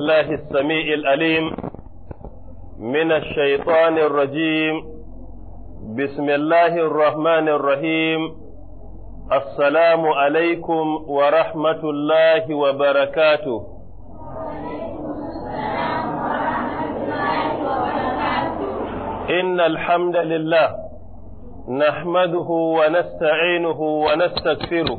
الله السميع الأليم من الشيطان الرجيم بسم الله الرحمن الرحيم السلام عليكم ورحمة الله وبركاته ورحمة الله وبركاته إن الحمد لله نحمده ونستعينه ونستغفره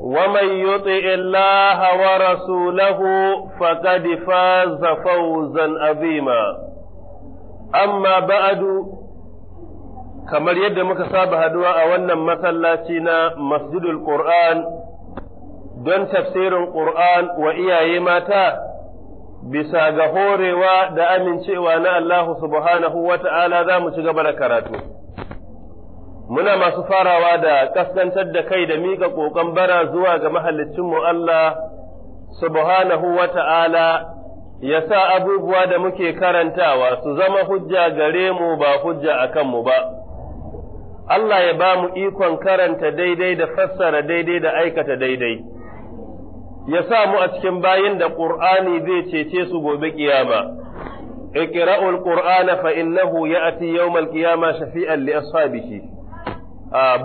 ومن يطع الله ورسوله فقد فاز فوزا عظيما kamar yadda muka saba haduwa a wannan masallaci na masjidul Qur'an don tafsirin Qur'an wa iyaye mata bisa ga horewa da amincewa na Allah subhanahu wa ta'ala za mu ci gaba da karatu. muna masu farawa da kaskantar da kai da mika ƙoƙon bara zuwa ga mu Allah subhanahu wa ta'ala ya sa abubuwa da muke karantawa su zama hujja gare mu ba hujja a mu ba. Allah ya ba mu ikon karanta daidai da fassara daidai da aikata daidai, ya sa mu a cikin bayin da ƙur'ani zai cece su gobe ƙiyama. iqra'ul ƙur'ana fa innahu ya ati yawmal ƙiyama shafi'an li ashabihi.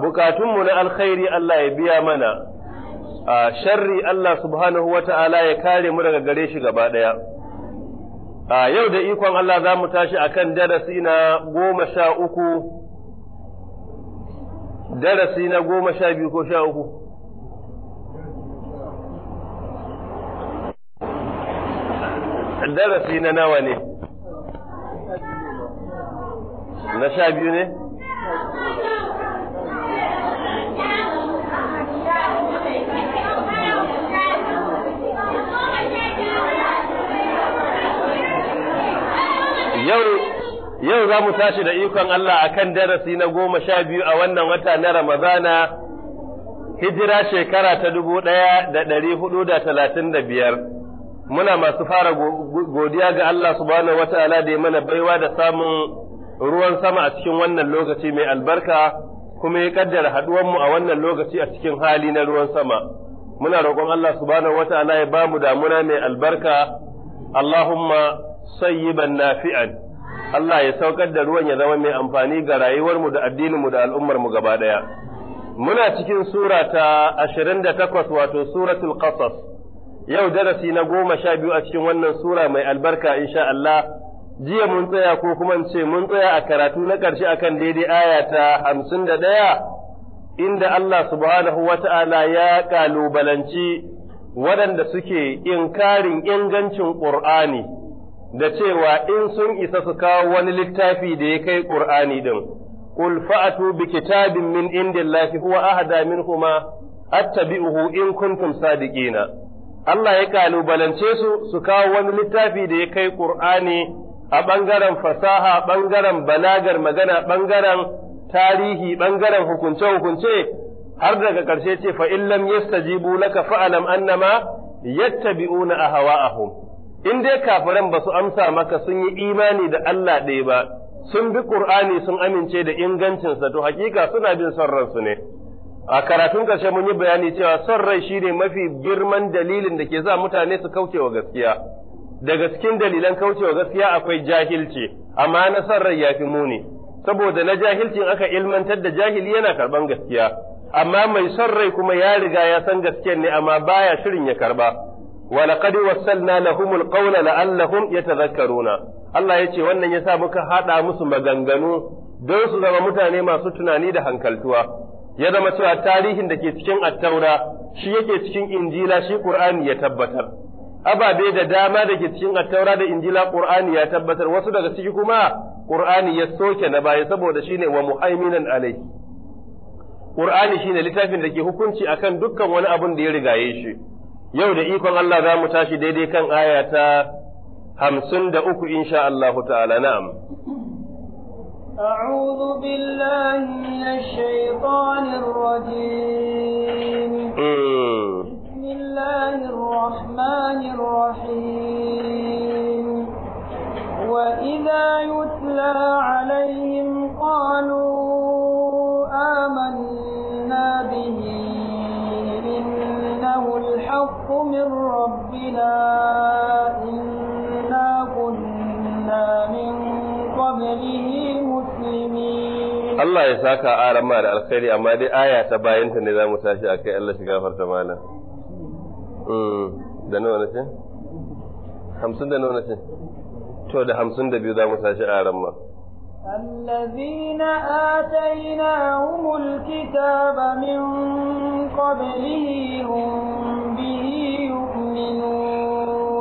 bukatunmu na alkhairi Allah ya biya mana sharri Allah subhanahu wa ta'ala ya kare mu daga gare shi gaba ɗaya yau da ikon Allah za mu tashi akan darasi na goma sha uku darasi na goma sha biyu ko sha uku darasi na nawa ne na sha biyu ne yau za mu tashi da ikon Allah a kan darasi na goma sha biyu a wannan wata na ramazana hijira shekara ta dubu ɗaya da ɗari hudu da talatin da biyar. Muna masu fara godiya ga Allah subhanahu wa ta'ala da ya mana baiwa da samun ruwan sama a cikin wannan lokaci mai albarka, kuma ya kaddara haduwar mu a wannan lokaci a cikin hali na ruwan sama muna roƙon Allah subhanahu wata'ala ya bamu damuna mai albarka Allahumma sayyiban nafi'an Allah ya saukar da ruwan ya zama mai amfani ga rayuwarmu da addinin mu da al'ummarmu mu gaba daya muna cikin sura ta 28 wato suratul qasas yau darasi na goma sha biyu a cikin wannan sura mai albarka insha Allah jiya mun tsaya ko kuma ce mun tsaya a karatu na ƙarshe a kan daidai aya ta hamsin da ɗaya inda Allah subhanahu wa ta'ala ya ƙalubalanci waɗanda suke inkarin ingancin ƙur'ani da cewa in sun isa su kawo wani littafi da ya kai ƙur'ani ɗin. Qul fa'atu bi kitabin min indillahi huwa ahada minhuma attabi'uhu in kuntum sadiqina. Allah ya ƙalubalance su su kawo wani littafi da ya kai ƙur'ani a ɓangaren fasaha, ɓangaren balagar magana, ɓangaren tarihi, ɓangaren hukunce-hukunce, har daga ƙarshe ce fa illam yastajibu laka fa'alam annama yattabi'una ahwa'ahum. In dai kafiran ba su amsa maka sun yi imani da Allah ɗaya ba, sun bi Qur'ani sun amince da ingancinsa to hakika suna bin son ransu ne. A karatun ƙarshe mun yi bayani cewa son rai shine mafi girman dalilin da ke sa mutane su kauce wa gaskiya. daga cikin dalilan kaucewa gaskiya akwai jahilci amma na san rai ya fi muni saboda na jahilcin aka ilmantar da jahili yana karban gaskiya amma mai son rai kuma ya riga ya san gaskiyar ne amma baya shirin ya karba wa laqad wassalna lahumul qawla la'allahum yatadhakkaruna Allah ya ce wannan ya sa muka hada musu maganganu don su zama mutane masu tunani da hankaltuwa ya zama cewa tarihin da ke cikin attaura shi yake cikin injila shi qur'ani ya tabbatar ababe da dama da ke cikin attaura da injila qur'ani ya tabbatar wasu daga ciki kuma qur'ani ya soke na baya saboda shine wa muhaiminan alai qur'ani shine littafin da ke hukunci akan dukkan wani abun da ya rigaye shi yau da ikon Allah za mu tashi daidai kan aya ta hamsin da uku insha Allah ta'ala na'am أعوذ بالله من الشيطان الرجيم الله الرحمن الرحيم وإذا يتلى عليهم قالوا آمنا به إنه الحق من ربنا إنا كنا من قبله Allah ya saka a da alkhairi amma dai aya ta bayanta ne za mu tashi a kai Allah shiga farta malam. Mm. da nawa na hamsin da nawa na to da hamsin da biyu za mu sashi a ran ma.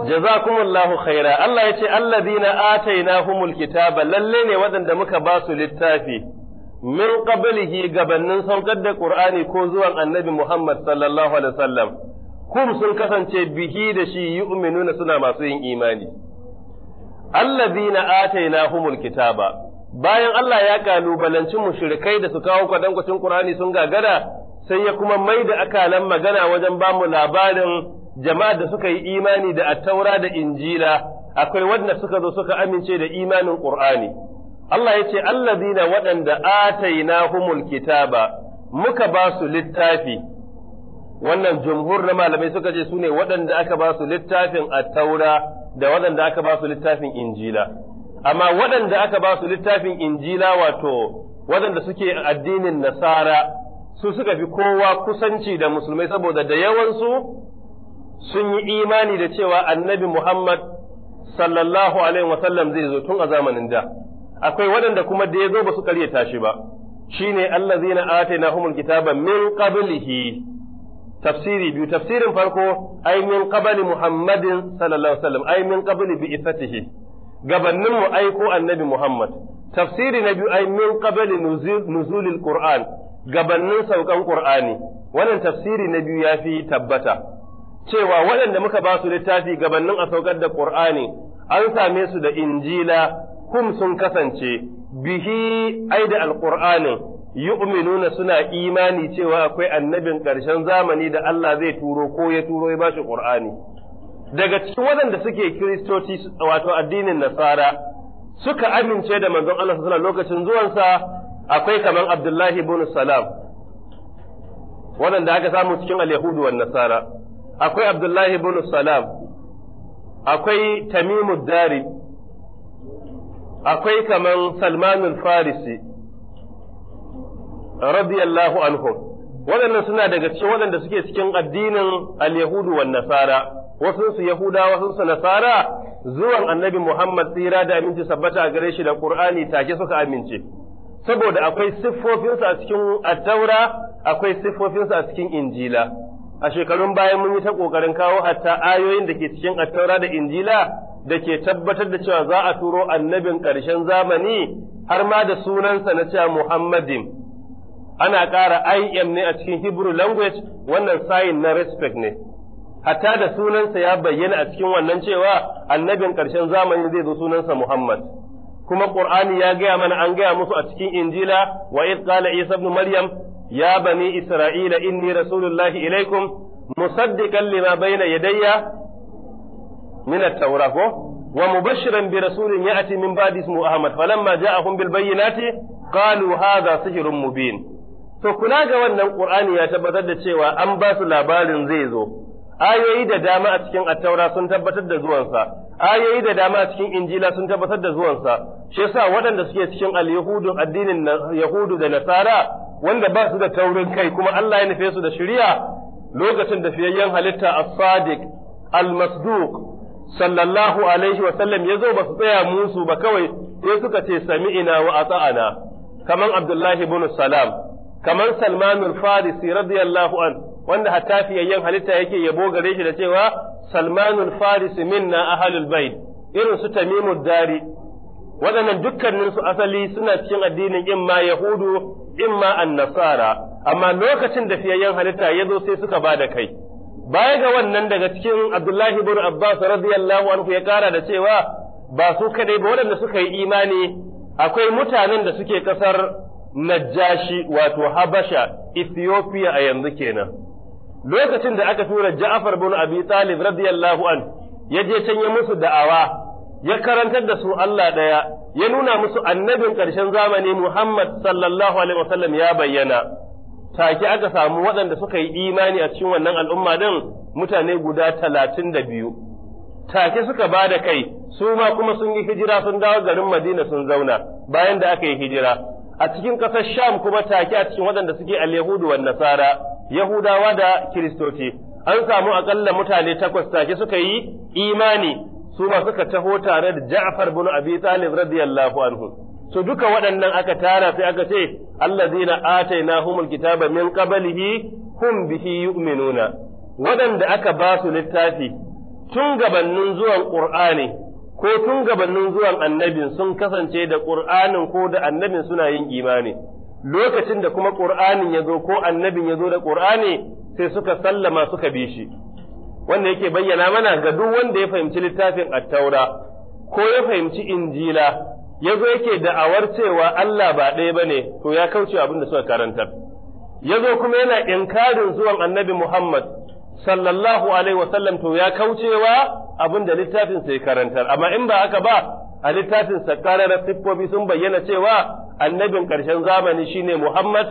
Jazakumullahu khaira Allah ya ce, Allazina ataina humul kitaba lalle ne waɗanda muka basu littafi, min ƙabilihi gabannin saukar da ƙur'ani ko zuwan annabi Muhammad sallallahu Alaihi wasallam. kum sun kasance bihi da shi yu'minuna suna masu yin imani allazina atainahumul kitaba bayan Allah ya kalubalanci mushrikai da su kawo kwadankwacin Qur'ani sun gagara sai ya kuma mai da akalan magana wajen ba mu labarin jama'a da suka yi imani da attaura da injila akwai wanda suka zo suka amince da imanin Qur'ani Allah ya ce allazina waɗanda humul kitaba muka ba su littafi wannan jumhur na malamai suka ce su ne waɗanda aka ba su littafin attaura da waɗanda aka ba su littafin injila amma waɗanda aka ba su littafin injila wato waɗanda suke addinin nasara su suka fi kowa kusanci da musulmai saboda da yawansu sun yi imani da cewa annabi muhammad sallallahu alaihi wasallam zai zo tun a zamanin da akwai waɗanda kuma da ya zo ba su karyata shi ba shine allazina atainahumul kitaba min qablihi tafsiri biyu tafsirin farko ai min qabli muhammadin sallallahu alaihi wasallam ai min qabli bi isatihi gabannin mu aiko annabi muhammad tafsiri na biyu ai min qabli nuzulil qur'an gabannin saukan qur'ani wannan tafsiri na biyu yafi tabbata cewa waɗanda muka ba su littafi gabannin a saukar da qur'ani an same su da injila hum sun kasance bihi ai da alqur'anin yu'minuna suna imani cewa akwai annabin ƙarshen zamani da Allah zai turo ko ya turo ya bashi Qur'ani daga cikin waɗanda suke kiristoci wato addinin nasara suka amince da manzon Allah sallallahu alaihi lokacin zuwansa akwai kaman Abdullahi ibn Salam waɗanda aka samu cikin al-Yahudu wan Nasara akwai Abdullahi ibn Salam akwai Tamimud Dari akwai kaman Salmanul farisi radiyallahu Anhu, waɗannan suna daga cikin waɗanda suke cikin addinin al-yahudu wan nasara wasu su yahuda sun su nasara zuwan annabi Muhammad tsira da aminci sabbata a gare shi da Qur'ani take suka amince saboda akwai siffofinsa a cikin attaura akwai siffofinsa a cikin injila a shekarun bayan mun yi ta kokarin kawo hatta ayoyin da ke cikin attaura da injila da ke tabbatar da cewa za a turo annabin karshen zamani har ma da sunansa na cewa Muhammadin ana ƙara im ne a cikin hebrew language wannan sign na respect ne hatta da sunansa ya bayyana a cikin wannan cewa annabin ƙarshen zamani zai zo sunansa muhammad kuma qur'ani ya gaya mana an gaya musu a cikin injila wa id qala isa ibn maryam ya bani isra'ila inni rasulullahi ilaikum musaddiqan lima bayna yadayya min at-taura ko rasulin ya'ti min ba'di بعد اسمه falamma ja'ahum bil bayyinati qalu hadha sihrun mubin To kula ga wannan Qur'ani ya tabbatar da cewa an ba su labarin zai zo. Ayoyi da dama a cikin Attaura sun tabbatar da zuwansa, ayoyi da dama a cikin Injila sun tabbatar da zuwansa. Shi yasa waɗanda suke cikin al-Yahudu addinin Yahudu da Nasara wanda ba su da taurin kai kuma Allah ya nufe su da shari'a lokacin da fiyayyen halitta as-Sadiq al-Masduq sallallahu alaihi wa sallam yazo ba su tsaya musu ba kawai sai suka ce sami'ina wa ata'ana kaman Abdullahi ibn Salam kamar Salmanul Farisi radiyallahu an wanda hatta fiyayyen halitta yake yabo gare shi da cewa Salmanul Farisi minna ahalul bait irin su Tamimud Dari waɗannan dukkanin su asali suna cikin addinin imma Yahudu imma An-Nasara amma lokacin da fiyayyen halitta ya zo sai suka bada kai baya ga wannan daga cikin Abdullahi ibn Abbas radiyallahu anhu ya kara da cewa ba su kadai ba waɗanda suka yi imani akwai mutanen da suke kasar najashi wato habasha ethiopia a yanzu kenan lokacin da aka tura ja'far bin abi talib radiyallahu an ya je can ya musu da'awa ya karantar da su Allah ɗaya ya nuna musu annabin ƙarshen zamani Muhammad sallallahu alaihi wasallam ya bayyana take aka samu waɗanda suka yi imani a cikin wannan al'umma din mutane guda talatin da biyu take suka ba da kai su ma kuma sun yi hijira sun dawo garin Madina sun zauna bayan da aka yi hijira a cikin ƙasar Sham kuma take a cikin waɗanda suke al-Yahudu Nasara, Yahudawa da Kiristoci. An samu aƙalla mutane takwas take suka yi imani su ma suka taho tare da Ja'far bin Abi Talib radiyallahu anhu. To duka waɗannan aka tara sai aka ce allazina atainahumul kitaba min qablihi hum bihi yu'minuna. Waɗanda aka ba su littafi tun gabannin zuwan Qur'ani ko tun gabanin zuwan annabin sun kasance da ƙur'anin ko da annabin suna yin imani lokacin da kuma ƙur'anin ya zo ko annabin ya zo da ƙur'ani sai suka sallama suka bi shi wanda yake bayyana mana ga duk wanda ya fahimci littafin attaura ko ya fahimci injila ya zo yake da'awar cewa Allah ba ɗaya ba ne to ya kauce abin da suka karantar ya zo kuma yana inkarin zuwan annabi Muhammad sallallahu alaihi wasallam to ya kaucewa abin da littafin sai karantar amma in ba haka ba a littafin sa kararar siffofi sun bayyana cewa annabin ƙarshen zamani shine Muhammad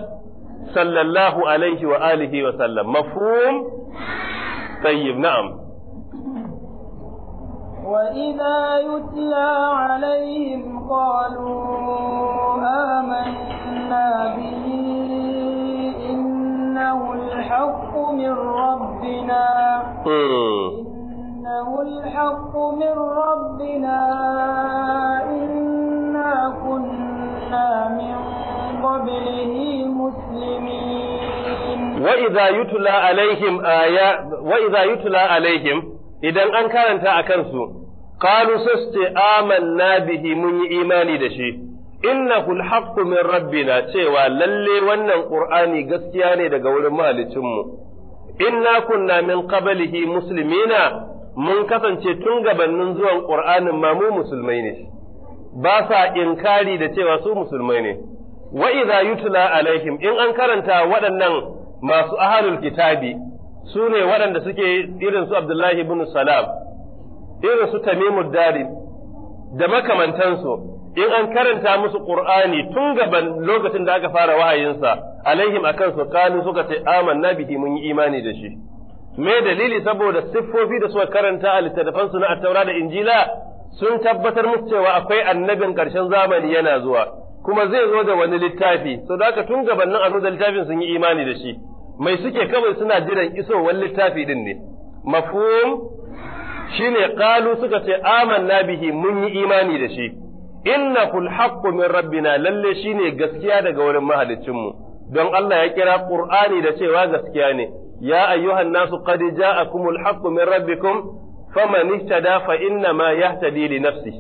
sallallahu alaihi wa alihi wa sallam mafhum tayyib na'am وإذا يتلى عليهم قالوا آمنا به إنه الحق من ربنا إنه الحق من ربنا إنا كنا من قبله مسلمين وإذا يتلى عليهم آيات وإذا يتلى عليهم إذا أنكرت أكنسوا قالوا سست آمنا به من إيماني دشي innahu alhaqqu min rabbina cewa lalle wannan qur'ani gaskiya ne daga wurin mahalicinmu inna kunna min qablihi muslimina mun kasance tun gabanin zuwan qur'anin ma mu musulmai ne ba sa inkari da cewa su musulmai ne wa idza yutla alaihim in an karanta waɗannan masu ahlul kitabi su ne waɗanda suke irin su Abdullahi ibn Salam irin su Tamimud Dari da makamantansu in an karanta musu Qur'ani tun gaban lokacin da aka fara wahayinsa alaihim akan su kalu suka ce amanna bihi mun yi imani da shi me dalili saboda siffofi da suka karanta a littattafan su na Attaura da Injila sun tabbatar musu cewa akwai annabin karshen zamani yana zuwa kuma zai zo da wani littafi so da aka tun nan an da littafin sun yi imani da shi mai suke kawai suna jiran isowar littafi din ne mafhum shine qalu suka ce amanna bihi mun yi imani da shi innahu alhaqqu min rabbina lalle shine gaskiya daga wurin mahaliccinmu don Allah ya kira Qur'ani da cewa gaskiya ne ya ayyuhan nasu qad ja'akumul haqqu min rabbikum faman ihtada fa inna ma yahtadi li nafsi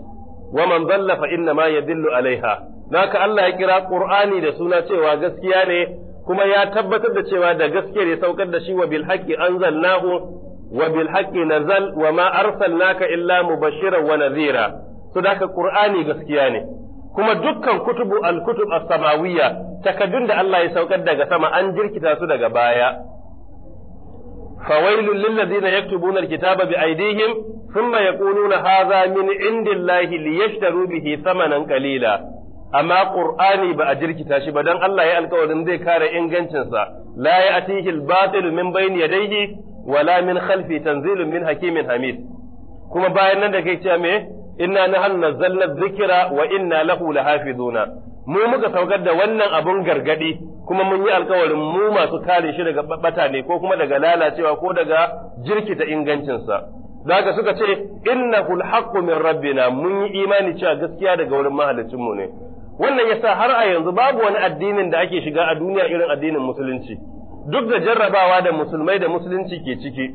wa man dalla fa inna ma yadillu alaiha naka Allah ya kira Qur'ani da suna cewa gaskiya ne kuma ya tabbatar da cewa da gaskiya ne saukar da shi wa bil haqqi anzalnahu wa bil haqqi nazal wa ma arsalnaka illa mubashiran wa nadhira so da qur'ani gaskiya ne kuma dukkan kutubu al-kutub as-samawiyya takaddun da Allah ya saukar daga sama an jirkita su daga baya fawailul lil ladina yaktubuna al-kitaba bi aydihim thumma yaquluna hadha min indillahi liyashtaru bihi thamanan qalila amma qur'ani ba a jirkita shi ba dan Allah ya alƙawarin zai kare ingancin sa la ya'tihi al-batil min bayni yadayhi wala min khalfi tanzilun min hakimin hamid kuma bayan nan da kai cewa me inna na nahnu nazzalna zikira wa inna lahu lahafizuna mu muka saukar da wannan abun gargadi kuma mun yi alkawarin mu masu kare shi daga babbata ne ko kuma daga lalacewa ko daga jirkita ingancin sa daga suka ce innahu alhaqqu min rabbina mun yi imani cewa gaskiya daga wurin mahalicin mu ne wannan yasa har a yanzu babu wani addinin da ake shiga a duniya irin addinin musulunci duk da jarrabawa da musulmai da musulunci ke ciki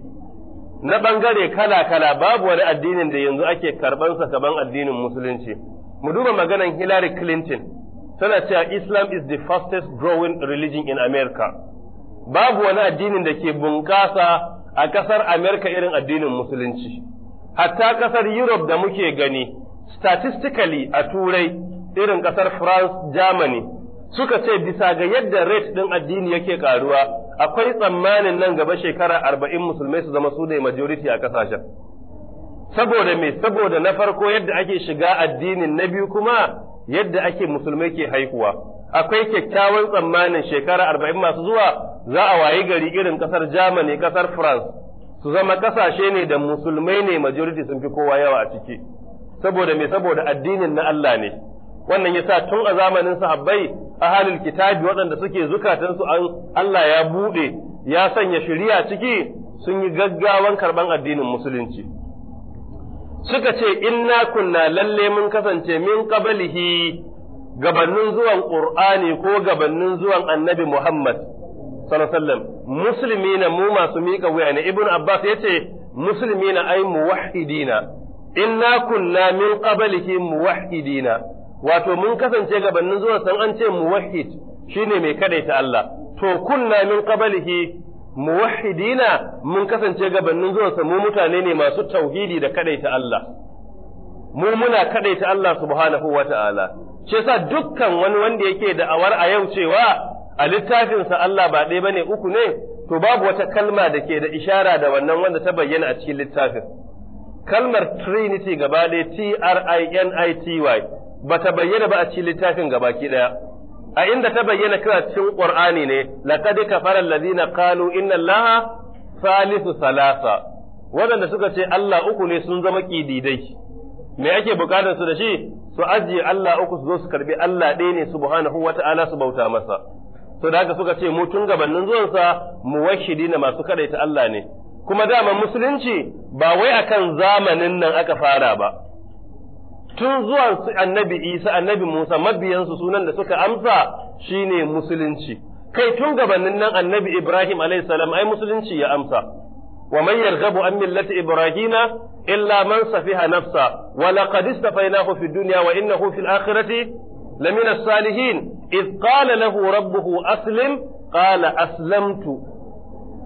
na ɓangare kala-kala babu wani addinin da yanzu ake karɓansa gaban addinin musulunci. Mu duba maganan Hillary Clinton tana cewa Islam is the fastest growing religion in America. Babu wani addinin da ke bunƙasa a ƙasar America irin addinin musulunci. Hatta ƙasar Europe da muke gani, statistically a Turai irin ƙasar France, Germany, suka ce bisa ga yadda rate ɗin addini yake ƙaruwa, akwai tsammanin nan gaba shekara arba'in musulmai su zama su ne majority a kasashen. Saboda me, saboda na farko yadda ake shiga addinin na biyu kuma yadda ake musulmai ke haihuwa. Akwai kyakkyawan tsammanin shekara arba'in masu zuwa za a wayi gari irin kasar Germany, kasar France, su zama kasashe ne da musulmai ne majority sun fi kowa yawa a ciki. Saboda me, saboda addinin na Allah ne. wannan yasa tun a zamanin sahabbai a halin kitabi waɗanda suke zukatansu an Allah ya buɗe ya sanya shari'a ciki sun yi gaggawan karɓan addinin musulunci suka ce inna kunna lalle mun kasance min qablihi gabannin zuwan qur'ani ko gabannin zuwan annabi Muhammad sallallahu alaihi wasallam muslimina mu masu miƙa wuya ne ibnu abbas yace muslimina ay muwahhidina inna kunna min qablihi muwahhidina wato mun kasance gabanin zuwa san an ce muwahhid shine mai kadaita Allah to kunna min qablihi muwahhidina mun kasance gabanin zuwa san mu mutane ne masu tauhidi da kadaita Allah mu muna kadaita Allah subhanahu wata'ala shi yasa dukkan wani wanda yake da awar a yau cewa a littafinsa Allah ba ɗaya bane uku ne to babu wata kalma da ke da ishara da wannan wanda ta bayyana a cikin littafin kalmar trinity gaba ɗaya t r i n i t y ba ta bayyana ba a cikin littafin gabaki daya a inda ta bayyana kira cikin qur'ani ne ka fara allazina qalu inna allaha salisu salasa waɗanda suka ce Allah uku ne sun zama kididai me ake bukatar su da shi su ajiye Allah uku su zo su karɓi Allah ɗaya ne subhanahu wata'ala su bauta masa to da haka suka ce mu tun gabanin zuwansa muwashidina masu kadaita Allah ne kuma dama musulunci ba wai akan zamanin nan aka fara ba tun zuwan su annabi Isa annabi Musa mabiyansu sunan da suka amsa shine musulunci kai tun gabanin nan annabi Ibrahim alayhi salam ai musulunci ya amsa wa man yarghabu an millati ibrahima illa man safiha nafsa wa laqad istafaynahu fid dunya wa innahu fil akhirati lamina salihin id qala lahu rabbuhu aslim qala aslamtu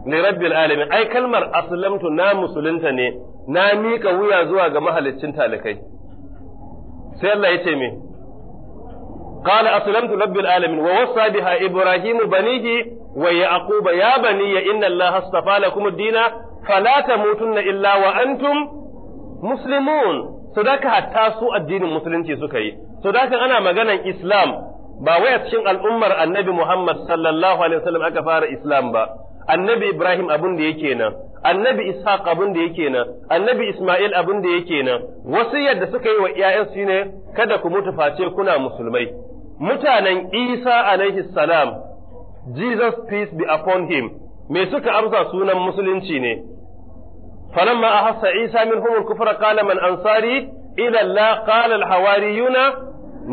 li rabbil alamin ai kalmar aslamtu na musulunta ne na miƙa wuya zuwa ga mahaliccin talakai sai Allah ya ce me qala aslamtu rabbil alamin wa wasa biha ibrahimu banihi wa yaquba ya bani inna allaha astafa lakum ad-dina fala tamutunna illa wa antum muslimun sadaka hatta su addinin musulunci suka yi sadaka ana maganan islam ba wai a cikin al'ummar annabi Muhammad sallallahu alaihi wasallam aka fara islam ba annabi Ibrahim abin da yake nan annabi Ishaq abin da yake nan annabi Ismail abin da yake nan wasu yadda suka yi wa iyayen su ne kada ku mutu face kuna musulmai mutanen Isa alaihi salam Jesus peace be upon him me suka amsa sunan musulunci ne falamma ahassa Isa minhum al-kufra qala man ansari ila Allah qala al-hawariyuna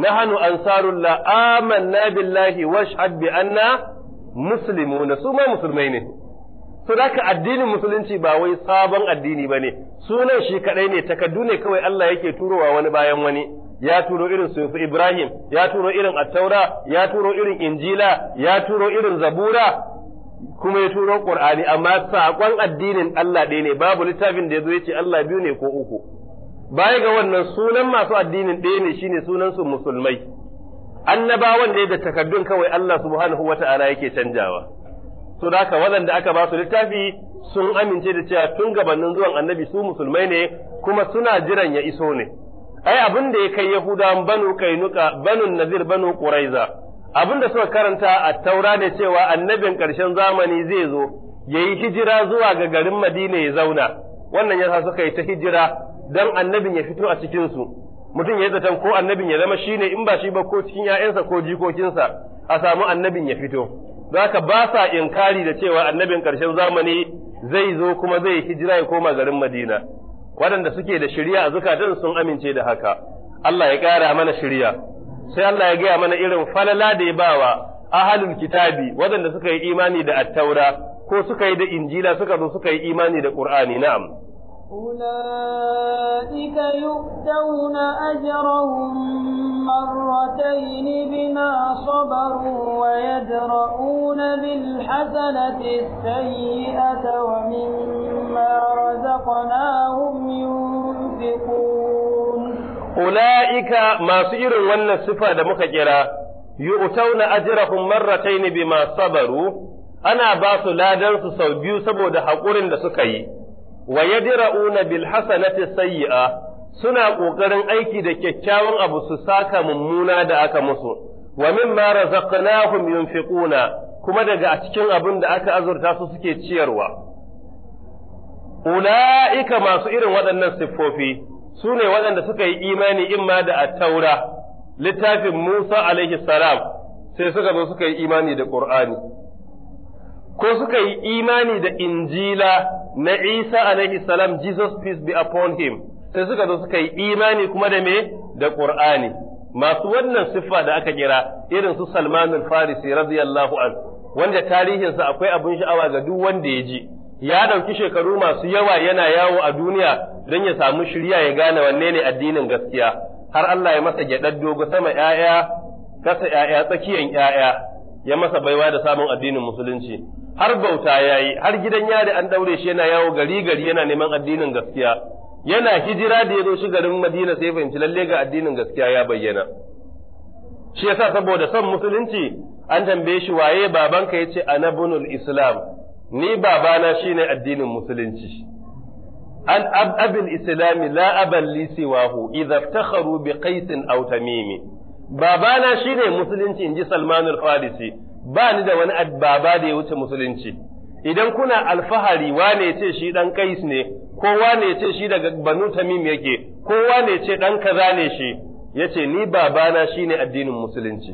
nahnu ansarullah amanna billahi washhad anna muslimuna su ma musulmai ne to haka addinin musulunci ba wai sabon addini ba ne sunan shi kadai ne takardu ne kawai Allah yake turowa wani bayan wani ya turo irin sufi Ibrahim ya turo irin attaura ya turo irin injila ya turo irin zabura kuma ya turo qur'ani amma sakon addinin Allah ɗaya ne babu littafin da ya zo ya ce Allah biyu ne ko uku baya ga wannan sunan masu addinin ɗaya ne shine sunan su musulmai annabawan ne da takardun kawai Allah subhanahu wata'ala yake canjawa to da haka waɗanda aka ba su littafi sun amince da cewa tun gabanin zuwan annabi su musulmai ne kuma suna jiran ya iso ne ai abin da ya kai yahudawan banu kainuka banu nazir banu quraiza abin da suka karanta a taura da cewa annabin ƙarshen zamani zai zo ya yi hijira zuwa ga garin madina ya zauna wannan yasa suka yi ta hijira don annabin ya fito a cikinsu mutum ya zaton ko annabin ya zama shi ne in ba shi ba ko cikin ‘ya'yansa ko jikokinsa a samu annabin ya fito. Za ka ba sa inkari da cewa annabin ƙarshen zamani zai zo kuma zai hijira ya koma garin Madina. Waɗanda suke da shirya a zukatan sun amince da haka. Allah ya ƙara mana shirya. Sai Allah ya gaya mana irin falala da ya bawa ahalin kitabi waɗanda suka yi imani da attaura ko suka yi da injila suka zo suka yi imani da Ƙur'ani na'am. أولئك يؤتون أجرهم مرتين بما صبروا ويدرؤون بالحسنة السيئة ومما رزقناهم ينفقون أولئك ما سئر ون الصفة مكجرة يؤتون أجرهم مرتين بما صبروا أنا باس لا دنس سو بيو سبو دا حقورن دا سكي wa yadra'una bil hasanati sayyi'a suna kokarin aiki da kyakkyawan abu su saka mummuna da aka musu wa mimma razaqnahum yunfiquna kuma daga cikin abin da aka azurta su suke ciyarwa ula'ika masu irin waɗannan siffofi su ne waɗanda suka yi imani imma da attaura littafin Musa alaihi salam sai suka zo suka yi imani da Ƙur'ani ko suka yi imani da Injila na Isa alaihi salam Jesus peace be upon him sai suka zo suka yi imani kuma da me da Qur'ani masu wannan siffa da aka kira irin su Salman al-Farisi radiyallahu an wanda tarihinsa akwai abin sha'awa ga duk wanda ya ji ya ɗauki shekaru masu yawa yana yawo a duniya don ya samu shirya ya gane wanne ne addinin gaskiya har Allah ya masa gyadar dogo sama ‘ya'ya, kasa ‘ya'ya, tsakiyan ‘ya'ya, ya masa baiwa da samun addinin musulunci. har bauta yayi har gidan yari an daure shi yana yawo gari gari yana neman addinin gaskiya yana hijira da ya zo shi garin Madina sai fahimci lalle ga addinin gaskiya ya bayyana shi yasa saboda son musulunci an tambaye shi waye babanka yace anabunul islam ni babana shine addinin musulunci an ab islam islami la aban li siwahu idza iftakharu bi qais aw tamimi babana shine musulunci inji salmanul al-farisi ba ni da wani baba da ya wuce musulunci idan kuna alfahari wane ce shi dan kais ne ko wane ce shi daga banu tamim yake ko wane ce dan kaza ne shi yace ni babana shine addinin musulunci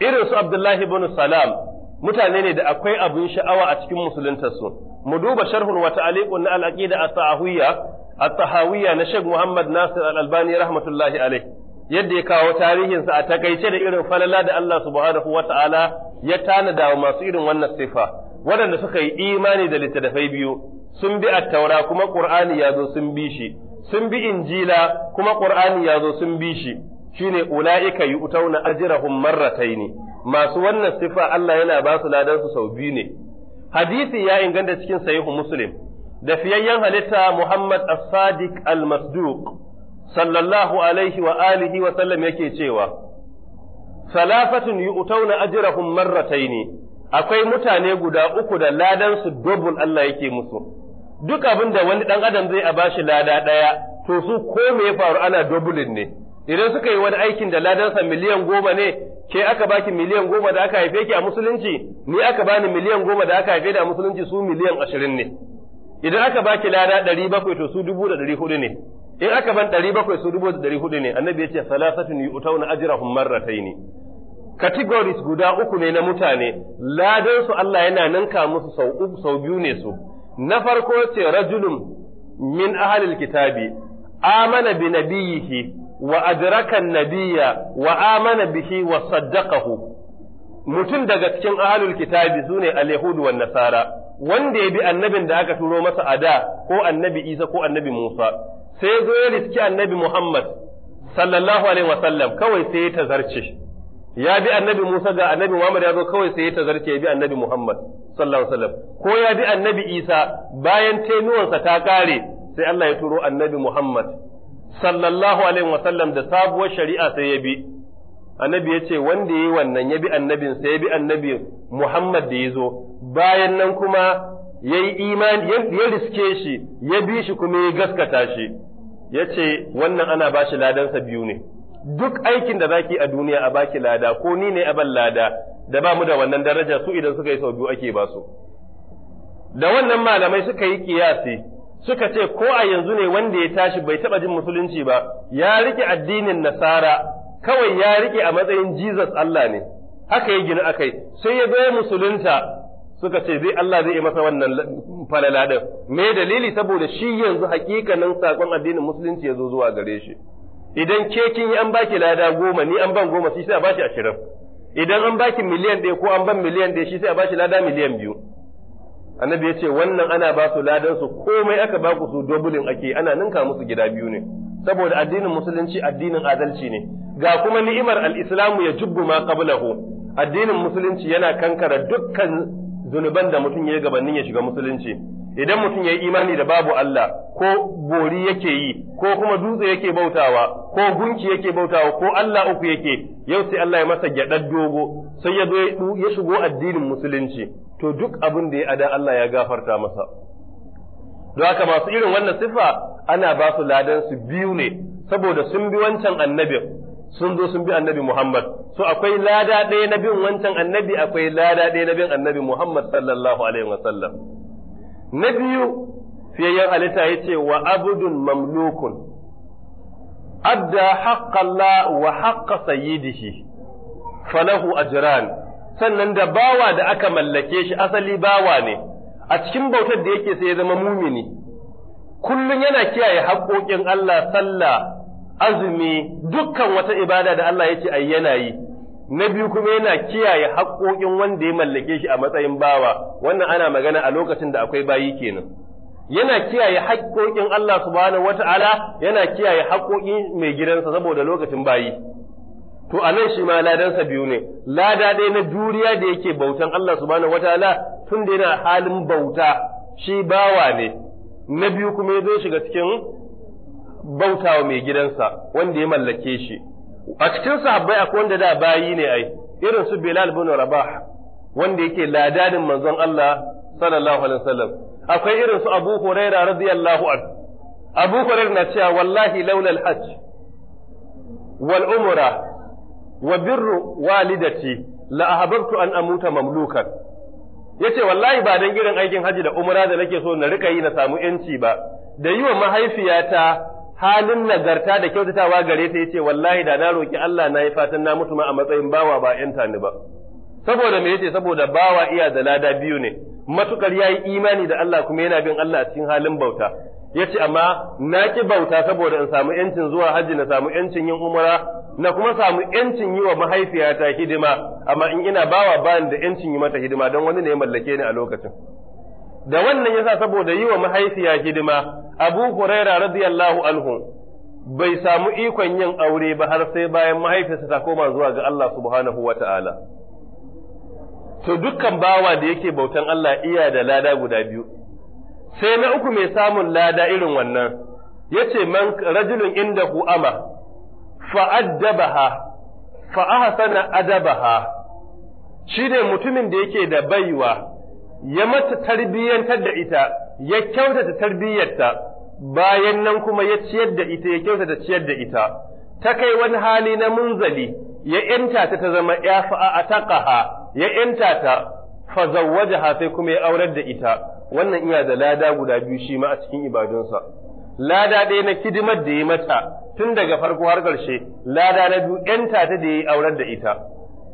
irin su abdullahi ibn salam mutane ne da akwai abin sha'awa a cikin musuluntarsu mu duba sharhun wa ta'aliqun na al-aqida at-tahawiyya at-tahawiyya na Sheikh Muhammad Nasir Al-Albani rahmatullahi alayh yadda ya kawo tarihinsa a takaice da irin falala da Allah subhanahu wa ta'ala ya tanada wa masu irin wannan sifa waɗanda suka yi imani da littattafai biyu sun bi attaura kuma ƙur'ani ya zo sun bi shi sun bi injila kuma ƙur'ani ya zo sun bi shi shine ula'ika yu'tauna ratai ne? masu wannan sifa Allah yana ba su ladan su sau biyu ne hadisi ya inganta cikin sahihu muslim da fiyayyen halitta Muhammad as-Sadiq al-Masduq sallallahu alaihi wa alihi wa sallam yake cewa salafatun yu'tauna ajrahum marrataini akwai mutane guda uku da ladan su dubul Allah yake musu duk abin da wani dan adam zai a bashi lada daya to su ko me ya faru ana dubulin ne idan suka yi wani aikin da ladansa miliyan goma ne ke aka baki miliyan goma da aka haife ki a musulunci ni aka bani miliyan goma da aka haife da musulunci su miliyan ashirin ne idan aka baki lada ɗari bakwai to su dubu da ɗari hudu ne in aka ban ɗari bakwai su dubu ɗari hudu ne annabi ya ce salasatun yi hun ajirahum ne. categories guda uku ne na mutane ladan Allah yana ninka musu sau uku sau biyu ne su na farko ce rajulun min ahalil kitabi amana bi nabiyihi wa adrakan nabiyya wa amana bihi wa saddaqahu mutum daga cikin ahalul kitabi sune al-yahudu wan nasara wanda ya bi annabin da aka turo masa a da ko annabi Isa ko annabi Musa sai zo ya riski annabi Muhammad sallallahu alaihi wasallam kawai sai ya tazarce ya bi annabi Musa ga annabi Muhammad ya zo kawai sai ya tazarce ya bi annabi Muhammad sallallahu alaihi wasallam ko ya bi annabi Isa bayan tenuwansa ta kare sai Allah ya turo annabi Muhammad sallallahu alaihi wasallam da sabuwar shari'a sai ya bi annabi ya ce wanda ya yi wannan ya bi annabinsa ya bi annabi Muhammad da ya zo bayan nan kuma ya yi imani ya riske shi ya bi shi kuma ya gaskata shi ya ce wannan ana ba shi ladansa biyu ne duk aikin da zaki a duniya a baki lada ko ni ne a ban lada da ba mu da wannan daraja su idan suka yi sau biyu ake ba su da wannan malamai suka yi kiyasi suka ce ko a yanzu ne wanda ya tashi bai taba jin musulunci ba ya rike addinin nasara kawai ya rike a matsayin Jesus Allah ne haka ya gina akai sai ya zo musulunta suka ce zai Allah zai yi masa wannan falala din me dalili saboda shi yanzu hakikanin sakon addinin musulunci ya zo zuwa gare shi idan ke kin yi an baki lada goma ni an ban goma shi sai a bashi ashirin idan an baki miliyan ɗaya ko an ban miliyan ɗaya shi sai a bashi lada miliyan biyu annabi ya ce wannan ana ba su ladan su komai aka ba ku su dobulin ake ana ninka musu gida biyu ne saboda addinin musulunci addinin adalci ne ga kuma ni'imar al-islamu ya jubbu ma qablahu addinin musulunci yana kankara dukkan zunuban da mutum ya yi gabanin ya shiga musulunci idan mutum ya yi imani da babu Allah ko bori yake yi ko kuma dutse yake bautawa ko gunki yake bautawa ko Allah uku yake yau sai Allah ya masa gyadar dogo sai ya ya shigo addinin musulunci to duk abin da ya ada Allah ya gafarta masa don haka masu irin wannan sifa ana ba su ladan su biyu ne saboda sun bi wancan annabin sun zo sun bi annabi Muhammad so akwai lada ɗaya na bin wancan annabi akwai lada ɗaya na bin annabi Muhammad sallallahu alaihi sallam. na biyu fiyayyen halitta ya ce wa abudun mamlukun adda haƙƙalla wa haƙƙa sayyidihi falahu ajran sannan da bawa da aka mallake shi asali bawa ne a cikin bautar da yake sai ya zama mumini kullum yana kiyaye haƙoƙin Allah sallah azumi dukkan wata ibada da Allah ya ce ai yana yi na biyu kuma yana kiyaye haƙoƙin wanda ya mallake shi a matsayin bawa wannan ana magana a lokacin da akwai bayi kenan yana kiyaye haƙoƙin Allah subhanahu wata'ala yana kiyaye haƙoƙin mai gidansa saboda lokacin bayi to a nan shi ma ladansa biyu ne lada ɗaya na juriya da yake bautan Allah subhanahu wata'ala tun da yana halin bauta shi bawa ne na biyu kuma ya zo shiga cikin bautawa mai gidansa wanda ya mallake shi a cikin sahabbai akwai wanda da bayi ne ai irin su Bilal bin Rabah wanda yake ladanin manzon Allah sallallahu alaihi wasallam akwai irin su Abu Huraira radiyallahu anhu Abu Huraira na cewa wallahi laula al-hajj wal umra wa birru walidati la ahabbtu an amuta mamlukan yace wallahi ba dan irin aikin haji da umra da nake so na rika yi na samu yanci ba da yi wa mahaifiyata halin nagarta da kyautatawa gare ta yace wallahi da na roki Allah na yi fatan na mutu ma a matsayin bawa ba yanta ni ba saboda me yace saboda bawa iya da lada biyu ne matukar yayi imani da Allah kuma yana bin Allah cikin halin bauta yace amma na ki bauta saboda in samu yancin zuwa hajji na samu yancin yin umara na kuma samu yancin yi wa mahaifiyata hidima amma in ina bawa bani da yancin yi mata hidima don wani ne ya mallake ni a lokacin da wannan yasa saboda yi wa mahaifiya hidima Abu Huraira radiyallahu anhu bai samu ikon yin aure ba har sai bayan mahaifinsa ta koma zuwa ga Allah subhanahu wa ta'ala. To dukkan bawa da yake bautan Allah iya da lada guda biyu, sai na uku mai samun lada irin wannan, ya ce man rajulun inda ku ama, fa'addabaha, fa'ahasana adabaha, shi ne mutumin da yake da baiwa, ya mata tarbiyyantar da ita ya kyautata tarbiyyarta bayan nan kuma ya ciyar da ita ya kyautata ciyar da ita ta kai wani hali na munzali ya yanta ta ta zama ya fa'a taqaha ya yanta ta fa zawwajaha sai kuma ya aurar da ita wannan iya da lada guda biyu shi ma a cikin ibadunsa lada ɗaya na kidimar da ya mata tun daga farko har ƙarshe lada na biyu yanta ta da ya yi aurar da ita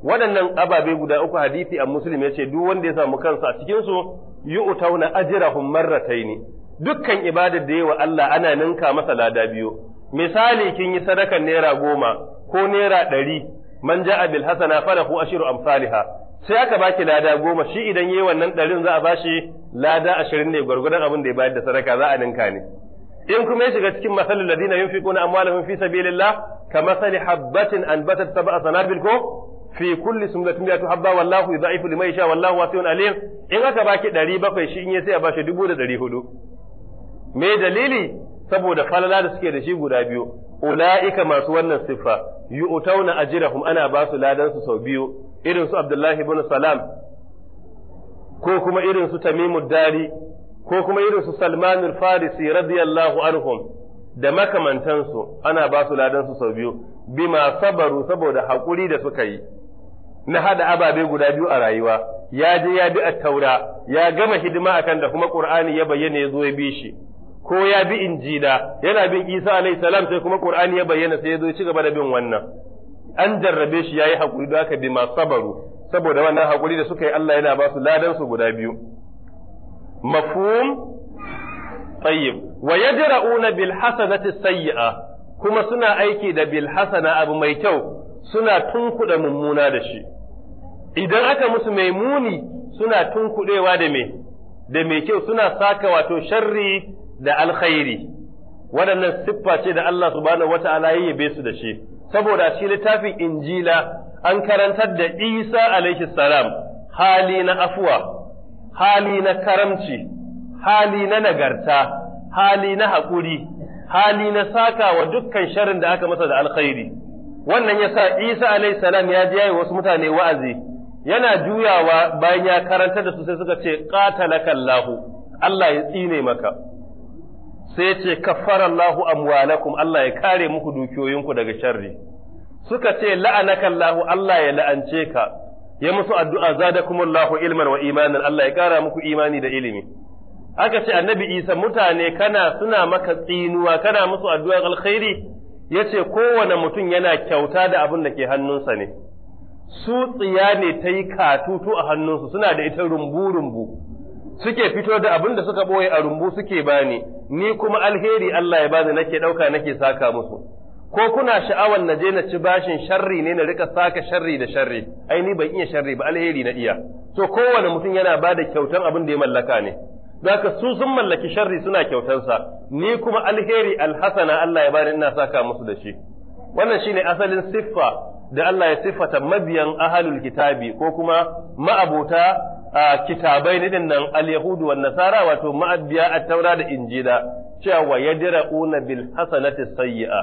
waɗannan ababe guda uku hadisi a muslim ya ce duk wanda ya samu kansa a cikin su yu'tauna ajrahum ni. dukkan ibadar da yawa Allah ana ninka masa lada biyu misali kin yi sadakar naira goma ko naira ɗari man ja'a bil hasana falahu ashiru amsalha sai aka baki lada goma shi idan yayi wannan ɗarin za a bashi lada ashirin ne gwargwadon abin da ya bayar da sadaka za a ninka ne in kuma ya shiga cikin masalul ladina yunfiquna amwalahum fi sabilillah ka masali habbatin anbatat sab'a sanabil ko fi kulli sumlatin da habba wallahu yudha'ifu liman yasha wallahu wasi'un alim in aka baki 700 shi in ya sai a bashi 1400 me dalili saboda falala da suke da shi guda biyu ula'ika masu wannan siffa yu'tauna ajrahum ana ba su ladan su sau biyu irin su Abdullahi ibn Salam ko kuma irin su Tamimud Dari ko kuma irin su salmanul farisi radiyallahu anhum da makamantansu ana ba su ladan su sau biyu bima sabaru saboda haƙuri da suka yi na haɗa ababe guda biyu a rayuwa ya je ya bi attaura ya gama hidima akan da kuma qur'ani ya bayyana ya zo ya bi shi ko ya bi injila yana bin isa alayhi salam sai kuma qur'ani ya bayyana sai ya zo ya ci gaba da bin wannan an jarrabe shi yayi hakuri da aka bi ma sabaru saboda wannan hakuri da suka yi Allah yana ba su ladan su guda biyu mafhum tayyib wa yajra'una bil hasanati sayyi'a kuma suna aiki da bil hasana abu mai kyau suna tunkuda mummuna da shi idan aka musu mai muni suna tunkuɗewa da me da mai kyau suna saka wato sharri da alkhairi waɗannan siffa ce da Allah subhanahu wata'ala ya yabe su da shi saboda shi littafin injila an karantar da Isa alaihi salam hali na afuwa hali na karamci hali na nagarta hali na haƙuri hali na saka wa dukkan sharrin da aka masa da alkhairi wannan yasa Isa alaihi salam ya je yayi wasu mutane wa'azi yana juyawa bayan ya karanta da su sai suka ce qatalaka Allah Allah ya tsine maka sai ce kaffara Allahu amwalakum Allah ya kare muku dukiyoyinku daga sharri suka ce la'anaka Allah Allah ya la'ance ka ya musu addu'a zadakumullahu ilman wa imanan Allah ya kara muku imani da ilimi aka ce annabi Isa mutane kana suna maka tsinuwa kana musu addu'a alkhairi yace kowane mutum yana kyauta da abin da ke hannunsa ne su tsiya ne ta yi katutu a hannunsu suna da ita rumbu-rumbu suke fito da abin da suka ɓoye a rumbu suke bani ni kuma alheri Allah ya bani nake ɗauka nake saka musu ko kuna sha'awar na je na ci bashin sharri ne na rika saka sharri da sharri ai ni ban iya sharri ba alheri na iya to kowane mutum yana ba da kyautan abin da ya mallaka ne zaka su sun mallaki sharri suna kyautansa ni kuma alheri alhasana Allah ya bani ina saka musu da shi wannan shine asalin siffa da Allah ya siffata mabiyan ahalul kitabi ko kuma ma'abota a kitabai ne nan al-yahudu wan nasara wato ma'abiya at-taura da injila cewa yadira una bil hasanati sayyi'a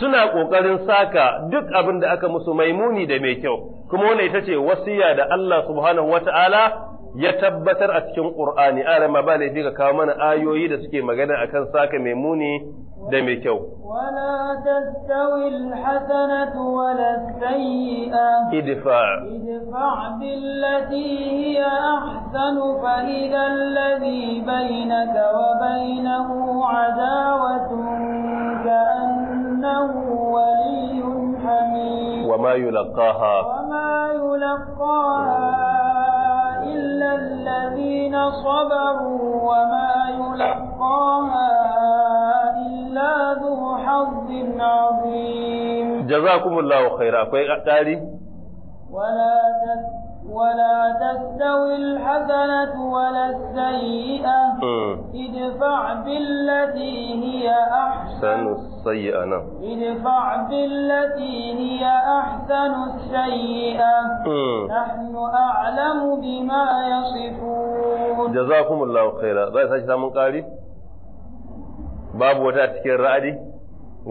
suna kokarin saka duk abin da aka musu maimuni da mai kyau kuma wannan ita ce wasiya da Allah subhanahu wata'ala ya tabbatar a cikin Qur'ani ara ma ba laifi ka kawo mana ayoyi da suke magana akan saka mai muni da mai kyau wala tastawi alhasanatu wala sayyi'a idfa idfa billati hiya ahsanu fa idha alladhi bainaka wa bainahu adawatun ka'annahu waliyyun hamim وما يلقاها وما يلقاها إلا الذين صبروا وما يلقاها إلا ذو حظ عظيم جزاكم الله خيرا ولا تستطيعوا ولا تستوي الحسنة ولا السيئة ادفع بالتي هي أحسن السيئة نعم ادفع بالتي هي أحسن السيئة نحن أعلم بما يصفون جزاكم الله خيرا بس هذا من قالي باب وتاتك الرعدي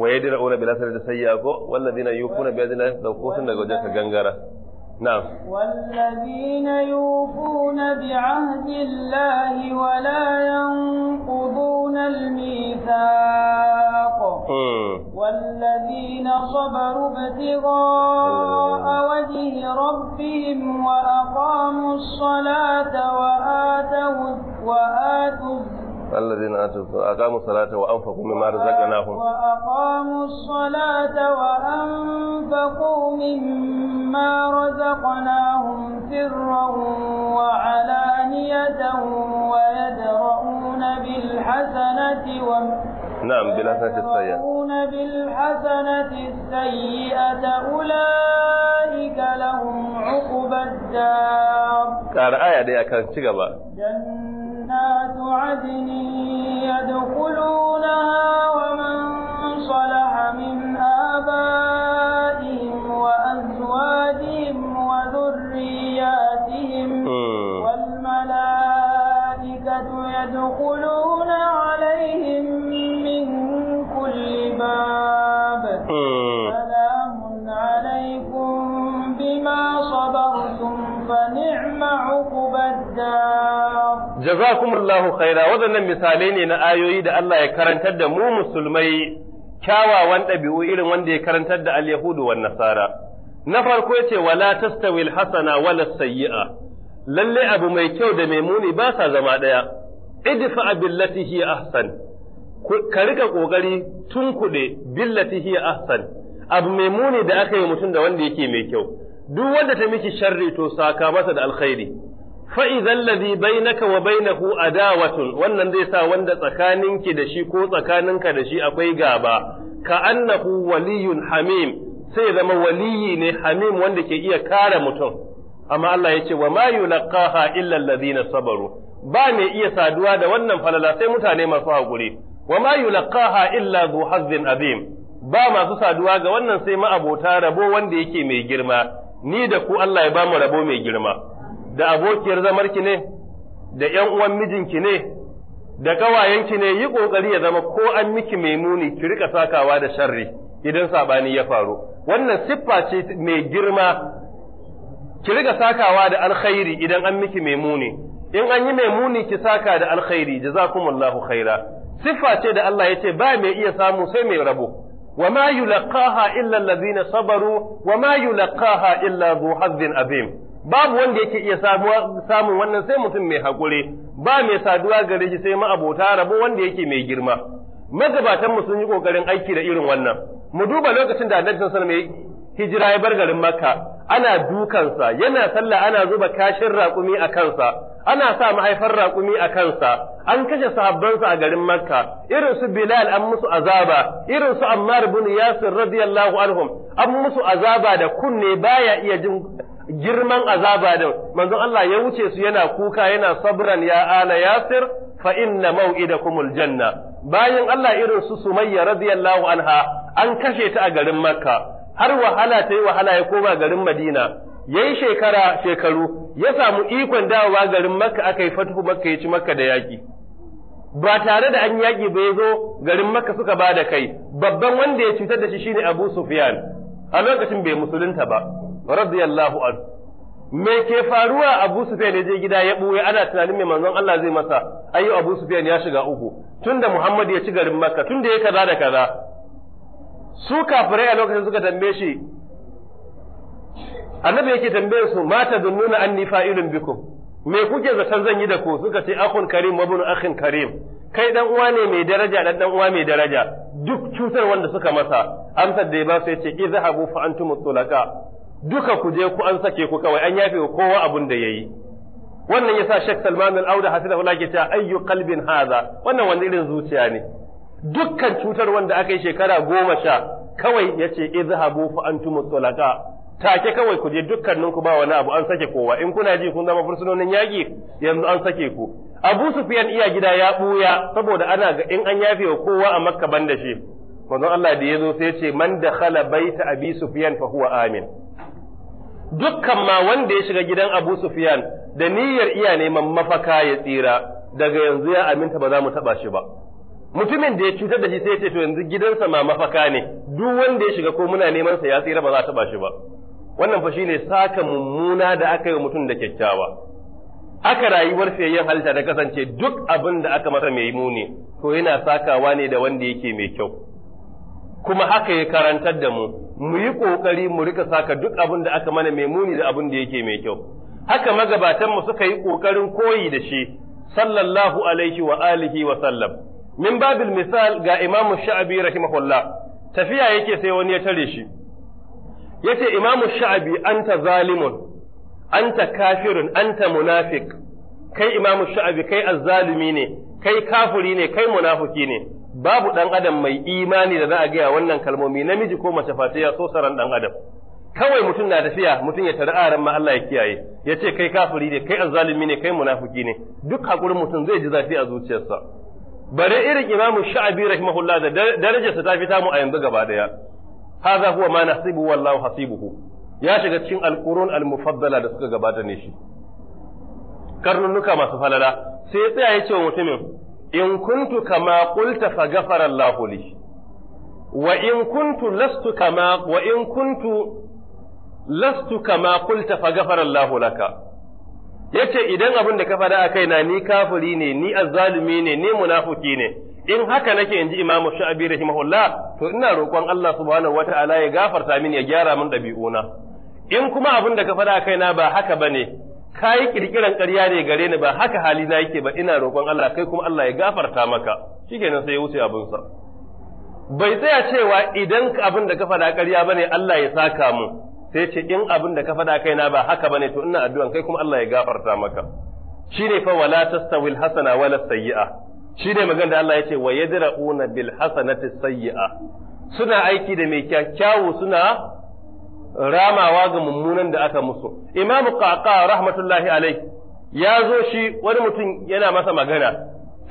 wa yadra'una bil asr da sayya ko wallazina yufuna bi adna da kusun daga wajen ka gangara نعم والذين يوفون بعهد الله ولا ينقضون الميثاق والذين صبروا ابتغاء وجه ربهم وأقاموا الصلاة وآتوا, وآتوا الذين آتوا أقاموا الصلاة وأنفقوا مما رزقناهم وأقاموا الصلاة وأنفقوا مما رزقناهم سرا وعلانية ويدرؤون بالحسنة و نعم بالحسنة السيئة يدرؤون بالحسنة السيئة أولئك لهم عقبى الدار قال آية دي أكان شكرا جنات عدن يدخلونها ومن صلح من آبائهم وأزواجهم وذرياتهم والملائكة يدخلون عليهم من كل باب سلام عليكم بما صبرتم فنعم عقب الدار jazakumullahu khaira waɗannan misalai ne na ayoyi da Allah ya karantar da mu musulmai kyawawan ɗabi'u irin wanda ya karantar da al-yahudu wan nasara na farko yace wala tastawil hasana wala sayyi'a lalle abu mai kyau da mai muni ba sa zama ɗaya idfa billati hiya ahsan ka rika kokari tunkuɗe billati hiya ahsan abu mai muni da aka yi mutum da wanda yake mai kyau duk wanda ta miki sharri to saka masa da alkhairi fa'izan lazi ladhi bainaka wa bainahu adawatun wannan zai sa wanda tsakaninki da shi ko tsakaninka da shi akwai gaba ka annahu waliyun hamim sai zama waliyi ne hamim wanda ke iya kare mutum amma Allah ya ce wa ma illan illa na sabaru ba mai iya saduwa da wannan falala sai mutane masu haƙuri. wa ma yulqaha illa zu hazzin azim ba masu saduwa ga wannan sai ma abota rabo wanda yake mai girma ni da ku Allah ya bamu rabo mai girma da abokiyar zamarki ne da ‘yan uwan mijinki ne da ƙawayenki ne yi ƙoƙari ya zama ko an miki mai muni ki rika sakawa da sharri idan saɓani ya faru wannan siffa ce mai girma ki rika sakawa da alkhairi idan an miki mai muni in an yi mai muni ki saka da alkhairi jazakumullahu khaira siffa ce da Allah ya ce ba mai iya samu sai mai rabo وما يلقاها إلا الذين صبروا وما يلقاها illa ذو حظ عظيم babu wanda yake iya samun wannan sai mutum mai haƙuri ba mai saduwa gare shi sai ma'abota rabo wanda yake mai girma magabatan mu sun yi kokarin aiki da irin wannan mu duba lokacin da annabi sallallahu alaihi wasallam hijira ya bar garin makka ana dukansa yana sallah ana zuba kashin raƙumi a kansa ana sa mahaifar raƙumi a kansa an kashe sahabban sa a garin makka irin su bilal an musu azaba irin su ammar ibn yasir radiyallahu anhum an musu azaba da kunne baya iya jin girman azaba da manzon Allah ya wuce su yana kuka yana sabran ya ala yasir fa inna maw'idakumul janna bayan Allah irin su Sumayya radiyallahu anha an kashe ta a garin Makka har wahala ta yi wahala ya koma garin Madina yayi shekara shekaru ya samu ikon dawowa garin Makka aka yi fatuhu Makka ya ci Makka da yaki ba tare da an yaki ba ya zo garin Makka suka ba da kai babban wanda ya cutar da shi shine Abu Sufyan a lokacin bai musulunta ba radiyallahu anhu me ke faruwa Abu Sufyan ya je gida ya buya ana tunanin mai manzon Allah zai masa ayyo Abu Sufyan ya shiga uku tunda Muhammad ya ci garin Makka tunda ya kaza da kaza su kafirai a lokacin suka tambaye shi annabi yake tambaye su mata nuna anni fa'ilun bikum me kuke zaton zan yi da ku suka ce akhun karim wa ibn akhin karim kai dan uwa ne mai daraja dan dan uwa mai daraja duk cutar wanda suka masa amsar da ya ba su yace idhabu fa antumut tulaka duka ku je ku an sake ku kawai an yafe kowa abun da yayi wannan yasa shek Salman Al-Auda hasidahu ke ta ayyu qalbin hadha wannan wani irin zuciya ne dukkan cutar wanda aka yi shekara goma sha kawai yace izhabu fa antum tulaka take kawai ku je dukkaninku ba wani abu an sake kowa in kuna ji kun zama fursunonin yaki yanzu an sake ku Abu Sufyan iya gida ya buya saboda ana ga in an yafe wa kowa a Makka ban da shi manzon Allah da zo sai ya ce man dakhala baita Abi Sufyan fa huwa amin dukkan ma wanda ya shiga gidan Abu Sufyan da niyyar iya neman mafaka ya tsira daga yanzu ya aminta ba za mu taba shi ba mutumin da ya cutar da shi sai ce to yanzu gidansa ma mafaka ne duk wanda ya shiga ko muna neman sa ya tsira ba za a taba shi ba wannan fa shine saka mummuna da aka yi mutum da kyakkyawa aka rayuwar fiyayyen halitta ta kasance duk abin da aka masa mai muni to yana sakawa ne da wanda yake mai kyau kuma haka ya karantar da mu mu yi kokari mu rika saka duk abin da aka mana mai muni da abin da yake mai kyau haka mu suka yi ƙoƙarin koyi da shi sallallahu alaihi wa alihi wa sallam min babil misal ga imam sha'abi rahimahullah tafiya yake sai wani ya tare shi yace imam sha'abi anta zalimun anta kafirun anta munafiq kai imam sha'abi kai azzalimi ne kai kafiri ne kai munafiki ne babu ɗan adam mai imani da za a gaya wannan kalmomi namiji ko mace fata ya so saran ɗan adam kawai mutum na tafiya mutum ya tara aran ma Allah ya kiyaye ya ce kai kafiri ne kai azzalimi ne kai munafiki ne duk hakurin mutum zai ji zafi a zuciyarsa bare irin imamu sha'abi rahimahullah da darajarsa ta fita mu a yanzu gaba daya hadha huwa ma nasibu wallahu hasibuhu ya shiga cikin alqurun almufaddala da suka gabata ne shi karnunuka masu falala sai ya tsaya ya ce wa mutumin in kuntu kama qulta fa ghafara Allahu li wa in kuntu lastu kama wa in kuntu lastu kama qulta fa ghafara Allahu laka yace idan abin da ka faɗa a kaina ni kafiri ne ni azzalumi ne ni munafiki ne in haka nake inji Imam Sha'abi rahimahullah to ina roƙon Allah subhanahu wata'ala ya gafarta min ya gyara min ɗabi'una in kuma abin da ka faɗa a kaina ba haka bane ka yi kirkiran ƙarya ne gare ni ba haka hali na yake ba ina roƙon Allah kai kuma Allah ya gafarta maka shikenan sai ya wuce abinsa bai tsaya cewa idan abin da ka faɗa ƙarya bane Allah ya saka mu sai ce in abin da ka faɗa na ba haka bane to ina addu'an kai kuma Allah ya gafarta maka shine fa wala tastawil hasana wala sayyi'a shine magana da Allah ya ce wa yadra'una bil hasanati sayyi'a suna aiki da mai kyakkyawu suna ramawa ga mummunan da aka musu imamu qaqa rahmatullahi alai ya zo shi wani mutum yana masa magana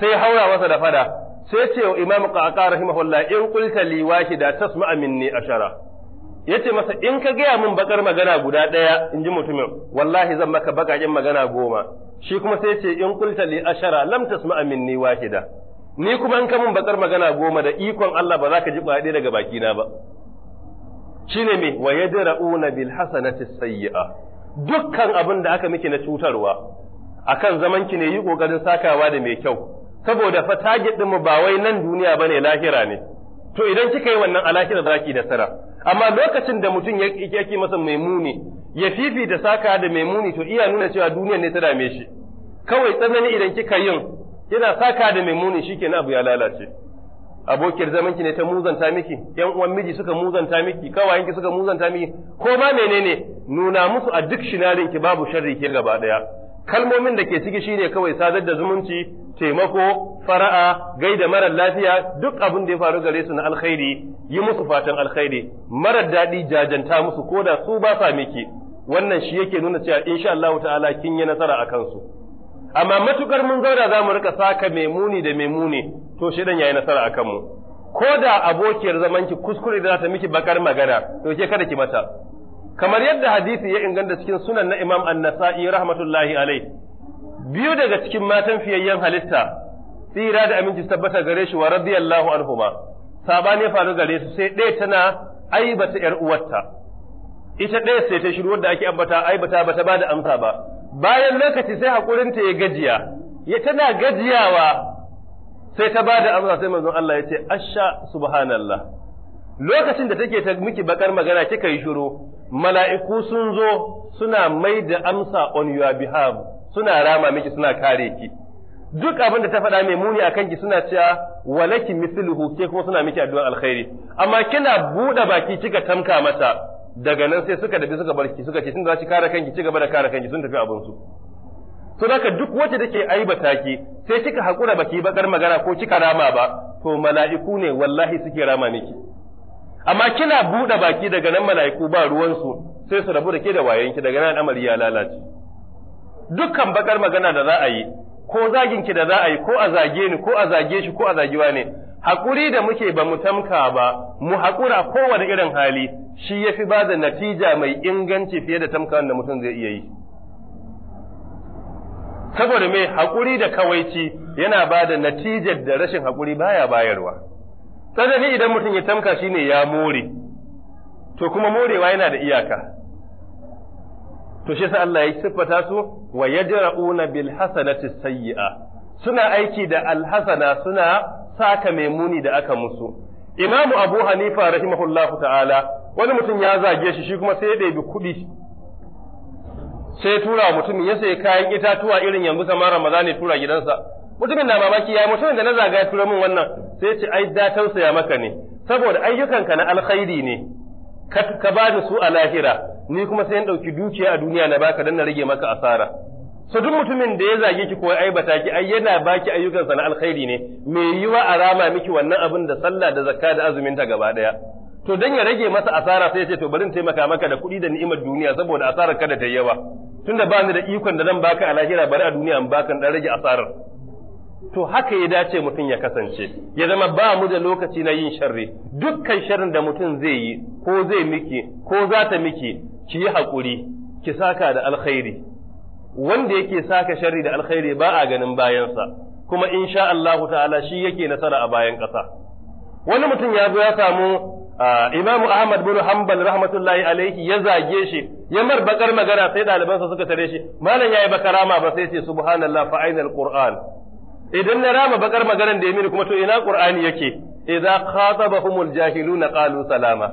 sai haura masa da fada sai ce wa imamu qaqa rahimahullahi in qulta li wahida tasma'a minni ashara yace masa in ka gaya min bakar magana guda daya in ji mutumin wallahi zan maka bakakin magana goma shi kuma sai ce in qulta li ashara lam tasma'a minni wahida ni kuma in ka min bakar magana goma da ikon Allah ba za ka ji baɗi daga bakina ba shine me wa Ra'una bil hasanati sayyi'a dukkan abin da aka miki na cutarwa akan zaman ki ne yi kokarin sakawa da mai kyau saboda fa target din mu ba wai nan duniya bane lahira ne to idan kika yi wannan a lahira zaki da sara amma lokacin da mutum yake masa muni ya fifi da saka da mai muni to iya nuna cewa duniya ne ta dame shi kawai tsanani idan kika yin kina saka da mai muni shikenan abu ya lalace abokiyar zamanki ne ta muzanta miki yan uwan miji suka muzanta miki ki suka muzanta miki ko ba menene nuna musu a duk shinarin ki babu sharri ke gaba daya kalmomin da ke ciki shine kawai sadar da zumunci taimako fara'a gaida marar lafiya duk abin da ya faru gare su na alkhairi yi musu fatan alkhairi marar daɗi jajanta musu ko da su ba sa miki wannan shi yake nuna cewa insha Allah ta'ala kin yi nasara a kansu amma matukar mun zauna za mu rika saka mai muni da mai muni to ya yayi nasara akan mu ko da abokiyar zaman ki kuskure da za ta miki bakar magana to ke kada ki mata kamar yadda hadisi ya inganta cikin sunan na Imam An-Nasa'i rahmatullahi alai biyu daga cikin matan fiyayyen halitta tsira da aminci tabbata gare shi wa radiyallahu anhuma sabani ya faru gare su sai ɗaya tana aibata ƴar uwarta ita ɗaya sai ta shiru wadda ake ambata aibata bata ba da amsa ba bayan lokaci sai haƙurinta ya gajiya ya tana gajiyawa sai ta ba da amsa sai manzon Allah ya ce asha subhanallah lokacin da take ta miki bakar magana kika yi shiru mala'iku sun zo suna mai da amsa on your behalf suna rama miki suna kare ki duk abin da ta faɗa mai muni akan ki suna cewa walaki misluhu ke kuma suna miki addu'ar alkhairi amma kina buɗe baki kika tamka mata daga nan sai suka dabi suka barki suka ce sun za su kare kanki ci gaba da kare kanki sun tafi abin su to haka duk wacce take aibata ki sai kika hakura baki bakar magana ko kika rama ba to mala'iku ne wallahi suke rama miki amma kina buɗe baki daga nan mala'iku ba ruwan su sai su rabu da ke da wayanki daga nan amari ya lalace dukkan bakar magana da za a yi ko zagin ki da za a yi ko a zage ni ko a zage shi ko a zagiwa ne hakuri da muke ba mu tamka ba mu hakura kowane irin hali shi ya fi ba da natija mai inganci fiye da tamkawan da mutum zai iya yi. Saboda mai haƙuri da kawaici yana ba da natijar da rashin haƙuri baya bayarwa. Tsanani idan mutum ya tamka shi ne ya more, to kuma morewa yana da iyaka. To shi sa Allah ya siffata su wa yajra'una bil hasanati sayyi'a suna aiki da alhasana suna saka mai muni da aka musu. Imamu Abu Hanifa rahimahullahu ta'ala wani mutum ya zage shi shi kuma sai ya ɗebi kuɗi sai tura mutumin ya sai kayan itatuwa irin yanzu kamar Ramadan ne tura gidansa mutumin na mamaki ya mutumin da na zaga ya tura min wannan sai ce ai da tausaya maka ne saboda ayyukanka na alkhairi ne ka ba da su a lahira ni kuma sai in ɗauki dukiya a duniya na baka dan na rage maka asara so duk mutumin da ya zage ki ko ya aibata ki ai yana baki ayyukansa na alkhairi ne me yiwa a rama miki wannan abin da sallah da zakka da azumin ta gaba daya to don ya rage masa asara sai ya ce to bari in taimaka maka da kuɗi da ni'imar duniya saboda asarar kada ta yawa tunda ba ni da ikon da zan baka a lahira bari a duniya in baka dan rage asarar to haka ya dace mutum ya kasance ya zama ba mu da lokaci na yin sharri dukkan sharrin da mutum zai yi ko zai miki ko za ta miki ki yi haƙuri ki saka da alkhairi wanda yake saka sharri da alkhairi ba a ganin bayansa kuma insha Allah ta'ala shi yake nasara a bayan kasa. wani mutum ya zo ya samu Ah, Imam Ahmad bin Hanbal rahmatullahi alaihi ya zage shi ya mar bakar magana sai ɗalibansa suka tare shi malam yayi bakarama ba sai ce subhanallah fa ainal qur'an idan na rama bakar maganar da ya mini kuma to ina qur'ani yake idza khatabahumul jahiluna qalu salama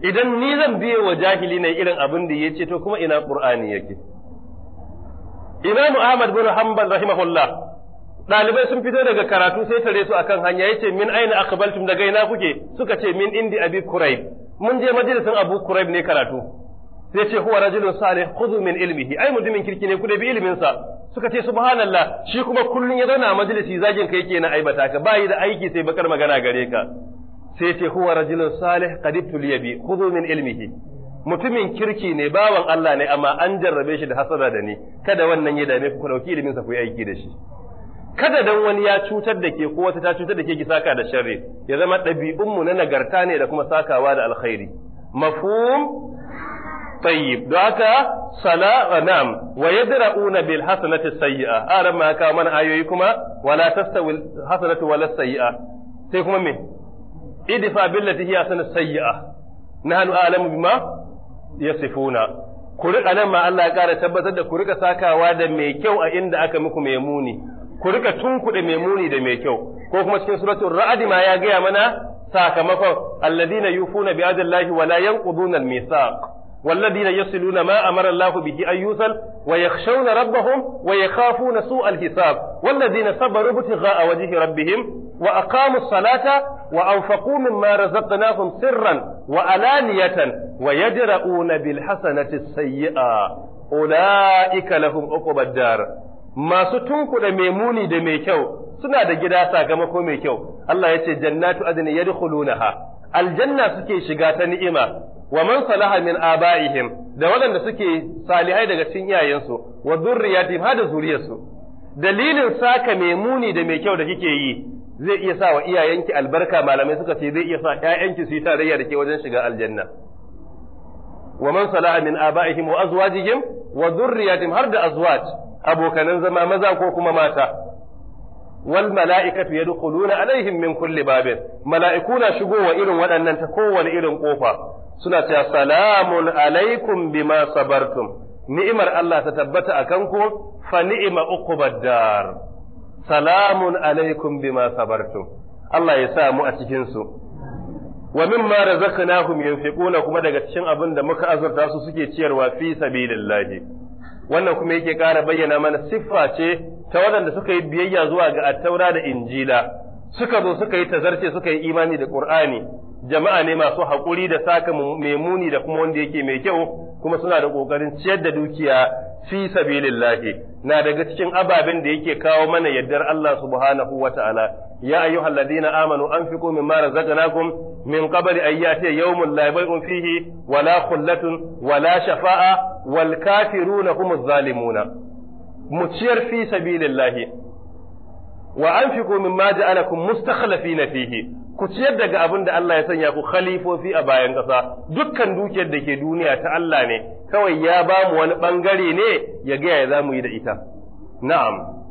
idan ni zan biye wa jahili ne irin abin da yace to kuma ina qur'ani yake Imam Ahmad bin Hanbal rahimahullah ɗalibai sun fito daga karatu sai tare su akan hanya yace min aina aqbaltum daga ina kuke suka ce min indi abi kurayb mun je majalisin abu kurayb ne karatu sai ce huwa rajulun salih khudhu min ilmihi ai mutumin kirki ne ku da bi ilmin sa suka ce subhanallah shi kuma kullun ya zauna a majalisi zagin kai kenan aibata ka bayi da aiki sai bakar magana gare ka sai ce huwa rajulun salih qad ibtuliya bi khudhu min ilmihi mutumin kirki ne bawan Allah ne amma an jarrabe shi da hasada da ni kada wannan ya dame ku ɗauki dauki ilmin sa ku yi aiki da shi kada dan wani ya cutar da ke ko wata ta cutar da ke ki saka da sharri ya zama ɗabi'unmu na nagarta ne da kuma sakawa da alkhairi mafhum tayyib don haka sala wa nam wa yadra'una bil hasanati sayyi'a aran ma ka mana ayoyi kuma wala tastawi hasanatu wala sayyi'a sai kuma me idfa billati hiya hasanatu sayyi'a nahnu a'lamu bima yasifuna ku rika nan ma Allah ya kara tabbatar da ku rika sakawa da mai kyau a inda aka muku mai muni ku rika tunkuɗe mai muni da mai kyau ko kuma cikin suratul ra'd ma ya gaya mana sakamakon alladhina yufuna bi ajallahi wa la yanquduna al-mithaq والذين يصلون ما أمر الله به أن يوصل ويخشون ربهم ويخافون سوء الحساب والذين صبروا ابتغاء وجه ربهم وأقاموا الصلاة وأنفقوا مما رزقناهم سرا وألانية ويجرؤون بالحسنة السيئة أولئك لهم عقبى الدار masu tunkuda mai muni da mai kyau suna da gida sakamako mai kyau Allah ya ce jannatu adni yadkhulunaha aljanna suke shiga ta ni'ima wa man salaha min abaihim da waɗanda suke salihai daga cikin iyayensu wa zurriyatihim hada zuriyarsu dalilin saka mai muni da mai kyau da kike yi zai iya sa wa iyayenki albarka malamai suka ce zai iya sa ƴaƴanki su yi tarayya da ke wajen shiga aljanna wa man salaha min abaihim wa azwajihim wa zurriyatihim har da azwaj abokanan zama maza ko kuma mata wal mala'ikatu yadkhuluna alaihim min kulli babin mala'iku na shigowa irin waɗannan ta kowane irin kofa suna cewa salamun alaikum bima sabartum ni'imar Allah ta tabbata akan ku fa ni'ima uqubad dar salamun alaikum bima sabartum Allah ya sa mu a cikin su wa mimma razaqnahum yunfiquna kuma daga cikin abin da muka azurta su suke ciyarwa fi sabilillahi wannan kuma yake ƙara bayyana mana siffa ce ta waɗanda suka yi biyayya zuwa ga attaura da injila suka zo suka yi tazarce suka yi imani da qur'ani jama'a ne masu haƙuri da saka mai muni da kuma wanda yake mai kyau kuma suna da ƙoƙarin ciyar da dukiya fi sabilillahi na daga cikin ababen da yake kawo mana yaddar Allah subhanahu wa ta'ala ya ayyuhalladhina amanu anfiqu mimma razaqnakum min qabli ayyati yawmun la bay'un fihi wala khullatun wala shafa'a wal kafiruna humuz zalimuna mu ciyar fi sabilillahi wa an anfiqu mimma ja'alakum mustakhlifina fihi ku ciyar daga abin da Allah ya sanya ku khalifofi a bayan ƙasa dukkan dukiyar da ke duniya ta Allah ne kawai ya ba mu wani ɓangare ne ya gaya ya zamu yi da ita na'am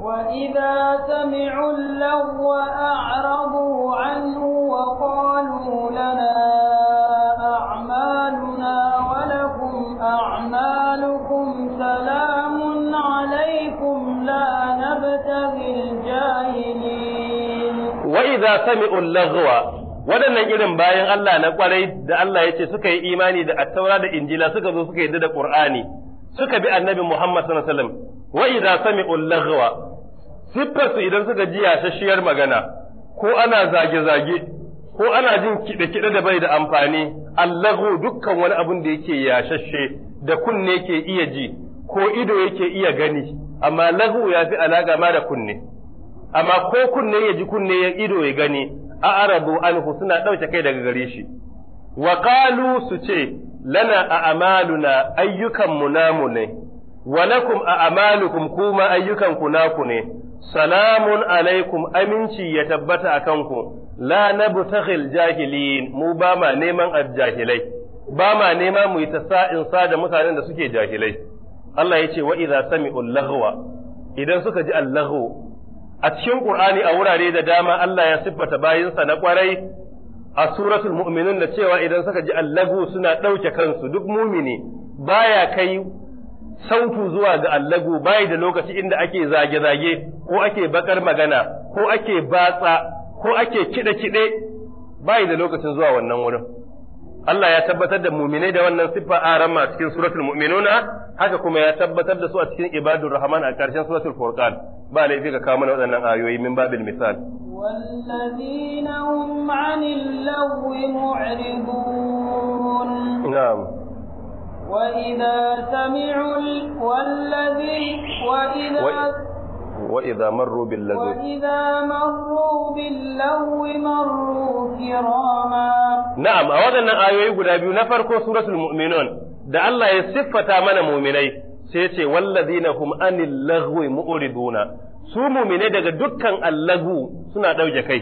وإذا سمعوا اللغو أعرضوا عنه وقالوا لنا أعمالنا ولكم أعمالكم سلام عليكم لا نبتغي الجاهلين وإذا سمعوا اللغو waɗannan irin bayan Allah na ƙwarai da Allah ya ce suka yi imani da attaura da injila suka zo suka yi da ƙur'ani suka bi annabi Muhammad sallallahu alaihi wasallam wa idza sami'u laghwa siffarsu idan suka ji yashashiyar magana ko ana zage-zage ko ana jin kiɗe-kiɗe da bai da amfani allahu dukkan wani abun da yake yashashe da kunne ke iya ji ko ido yake iya gani amma lahu ya fi alaƙa ma da kunne amma ko kunne ya ji kunne ya ido ya gani a arabu anhu suna ɗauke kai daga gare shi wa su ce lana a amaluna ayyukan mu ne walakum a amalukum kuma ayyukanku naku ne, salamun alaikum aminci ya tabbata a kanku, la na butakhil jahiliyin mu ba ma neman jahilai, ba ma nema mu yi ta sa da mutanen da suke jahilai. Allah ya ce wa iza sami'ul idan suka ji allahu a cikin Qur'ani a wurare da dama Allah ya siffata bayinsa na kwarai a suratul mu'minun da cewa idan suka ji allahu suna ɗauke kansu duk mumini baya kai sautu zuwa ga allagu bai da lokaci inda ake zage-zage ko ake bakar magana ko ake batsa ko ake kide-kide bai da lokacin zuwa wannan wurin Allah ya tabbatar da muminai da wannan siffa a rama cikin suratul mu'minuna haka kuma ya tabbatar da su a cikin ibadur rahman a ƙarshen suratul furqan ba laifi ga kawo mana waɗannan ayoyi min babil misal والذين hum 'anil اللغو mu'ridun وإذا سمعوا والذي وإذا وإذا مروا باللغو وإذا مروا باللغو مروا كراما نعم أولا آيوي قد أبيو نفركو سورة المؤمنون da Allah ya siffata mana muminai sai ce wallazina hum anil lagwi mu'riduna su muminai daga dukkan allagu suna ɗauke kai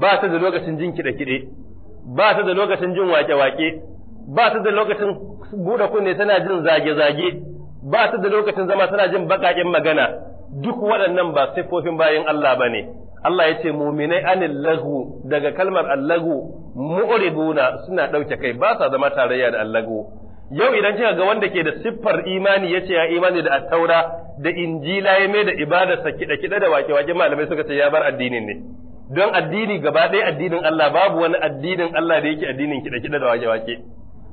ba ta da lokacin jin kiɗe-kiɗe ba ta da lokacin jin wake-wake ba ta da lokacin buɗe kunne tana jin zage-zage ba ta da lokacin zama tana jin baƙaƙen magana duk waɗannan ba siffofin bayan Allah ba ne Allah ya ce muminai anil lagu daga kalmar allagu mu'ribuna suna ɗauke kai ba sa zama tarayya da allagu yau idan kika ga wanda ke da siffar imani yace ya imani da attaura da injila ya mai da ibadarsa kiɗa kiɗa da wake wake malamai suka ce ya bar addinin ne don addini gaba ɗaya addinin Allah babu wani addinin Allah da yake addinin kiɗa kiɗa da wake wake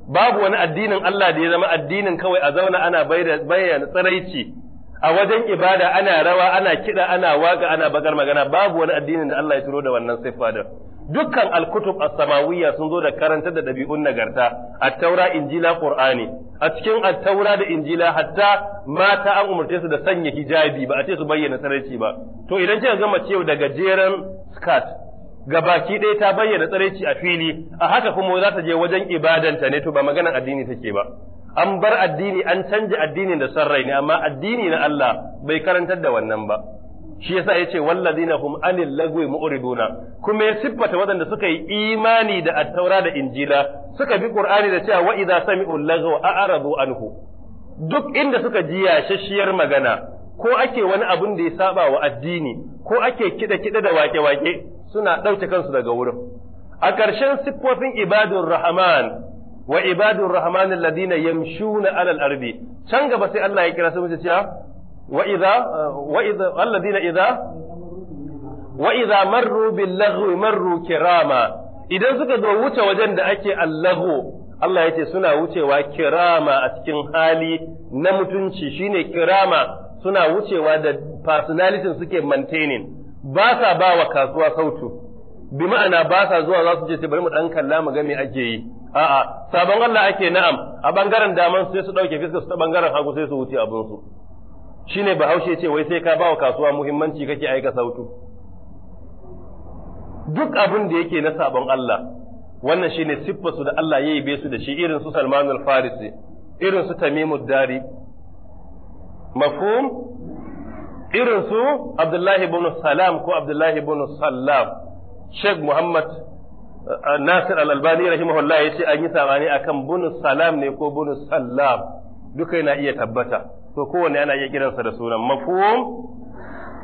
babu wani addinin Allah da ya zama addinin kawai a zauna ana bayyana tsaraici a wajen ibada ana rawa ana kiɗa ana waka ana bakar magana babu wani addinin da Allah ya turo da wannan siffa da dukkan alkutub as-samawiyya sun zo da karantar da dabi'un nagarta at-taura injila qur'ani a cikin at-taura da injila hatta mata an umurce su da sanya hijabi ba a ce su bayyana tsaraici ba to idan kika ga mace daga gajeren skirt Ga baki ɗaya ta bayyana tsareci a fili a haka kuma za ta je wajen ibadanta ne to ba maganar addini take ba an bar addini an canja addinin da san rai ne amma addini na Allah bai karantar da wannan ba shi yasa yace wallazina hum anil lagwi mu'riduna kuma ya siffata wadanda suka yi imani da at-taura da injila suka bi qur'ani da cewa wa idza sami'u lagwa a'radu anhu duk inda suka ji yashashiyar magana ko ake wani abun da ya saba wa addini ko ake kiɗa-kiɗa da wake-wake suna ɗauke kansu daga wurin a ƙarshen siffofin ibadun rahman wa ibadun rahman alladhina yamshuna alal ardi can gaba sai Allah ya kira su mace cewa wa idza wa idza alladhina idza wa idza marru bil lagwi marru kirama idan suka zo wuce wajen da ake allahu Allah ya ce suna wucewa kirama a cikin hali na mutunci shine kirama suna wucewa da personality suke maintaining ba sa ba wa kasuwa sautu bi ma'ana ba sa zuwa za su je sai bari mu dan kalla mu ga me ake yi a'a sabon Allah ake na'am a bangaren daman sai su dauke fiska su ta bangaren hagu sai su wuce abin su shine bahaushe ce wai sai ka ba wa kasuwa muhimmanci kake aika sautu duk abin da yake na sabon Allah wannan shine siffarsu da Allah ya yi su da shi irin su Salmanul farisi irin su Tamimud Dari mafhum irin su Abdullahi ibn Salam ko Abdullahi ibn Sallam Sheikh Muhammad uh, Nasir Al-Albani rahimahullah yace an yi sabani akan bunu salam ne ko bunu sallam duka yana iya tabbata to kowanne yana iya kiransa da sunan mafhum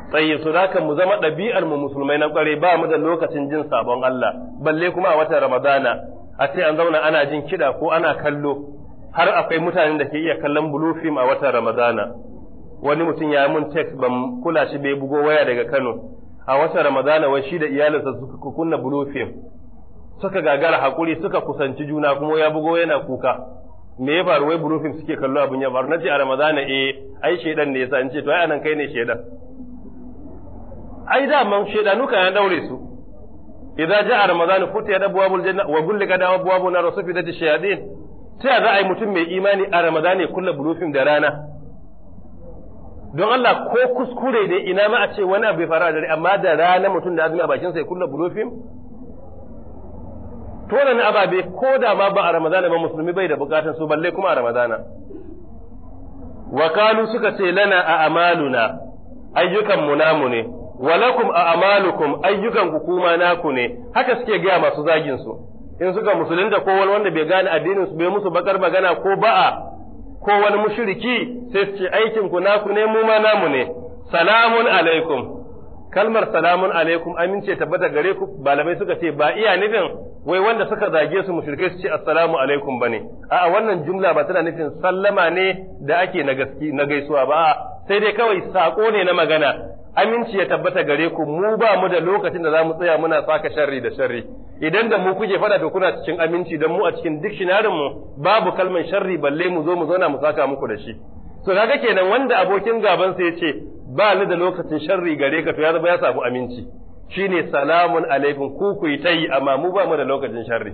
tsaye su mu zama ɗabi'ar mu musulmai na ƙware ba mu da lokacin jin sabon Allah balle kuma a watan Ramadana a ce an zauna ana jin kiɗa ko ana kallo har akwai mutanen da ke iya kallon blue film a watan Ramadana wani mutum ya mun text ban kula shi bai bugo waya daga Kano a wata Ramadana wai shi da iyalinsa suka kunna blue film suka gagara hakuri suka kusanci juna kuma ya bugo yana kuka me ya faru wai blue film suke kallo abin ya faru nace a Ramadana eh ai shedan ne yasa in ce to ai anan kai ne shedan ai da man shedanu kan ya daure su idza ja'a ramadan da abwabul janna wa gullikat abwabun nar rasufi da shayatin ta za a yi mutum mai imani a ramadani kulla bulufin da rana don Allah ko kuskure da ina ma a ce wani abu ya faru a dare amma da rana mutum da azumi a bakin sai ya kulla to nan ababe ko da ma ba a ramadana ba musulmi bai da bukatun su balle kuma a ramadana wakalu suka ce lana a amaluna ayyukan mu namu ne walakum a amalukum ayyukan ku kuma naku ne haka suke gaya masu zagin su in suka musulunta ko wani wanda bai gane addinin su bai musu bakar magana ko ba'a ko wani mushriki sai su ce aikin ku naku ne mu ma namu ne salamun alaikum kalmar salamun alaikum amince bada gare ku Balamai suka ce ba iya nufin wai wanda suka zage su mushrikai su ce assalamu alaikum bane a'a wannan jumla ba tana nufin sallama ne da ake na na gaisuwa ba sai dai kawai sako ne na magana aminci ya tabbata gare ku mu ba mu da lokacin da za mu tsaya muna saka sharri da sharri idan da mu kuke fada to kuna cikin aminci dan mu a cikin dictionary mu babu kalman sharri balle mu zo mu zauna mu saka muku da shi to kaga kenan wanda abokin gaban sa yace ba ni da lokacin sharri gare ka to ya zama ya samu aminci shine salamun alaikum ku ku yi amma mu ba mu da lokacin sharri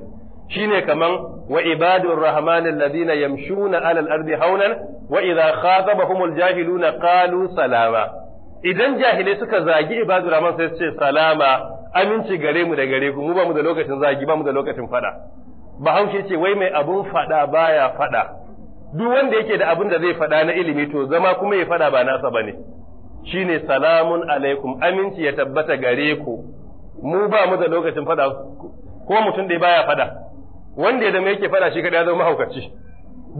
shine kaman wa ibadur rahman alladhina yamshuna ala al-ardi hawnan wa idha khatabahumul jahiluna qalu salama idan jahilai suka zagi ibadur rahman sai su ce salama aminci gare mu da gare ku mu ba mu da lokacin zagi ba mu da lokacin fada bahaushe ce wai mai abun fada baya fada duk wanda yake da abun da zai fada na ilimi to zama kuma ya fada ba nasa bane shine salamun alaikum aminci ya tabbata gare ku mu ba mu da lokacin fada ko mutum da baya fada wanda da yake fada shi kada ya zama haukaci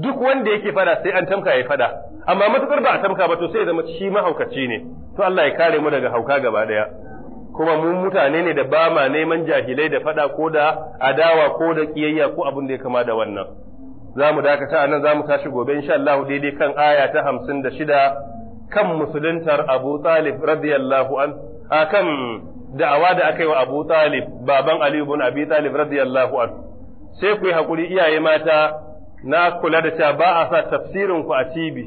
duk wanda yake fada sai an tamka ya fada amma matukar ba a tamka ba to sai ya zama shi mahaukaci ne to Allah ya kare mu daga hauka gaba daya kuma mu mutane ne da ba ma neman jahilai da fada ko da adawa ko da kiyayya ko abin da ya kama da wannan za mu dakata a nan za mu tashi gobe insha Allah daidai kan aya ta hamsin da shida kan musuluntar Abu Talib radiyallahu an a kan da'awa da aka yi wa Abu Talib baban Ali ibn Abi Talib radiyallahu an sai ku yi hakuri iyaye mata na kula da cewa ba a sa tafsirin ku a TV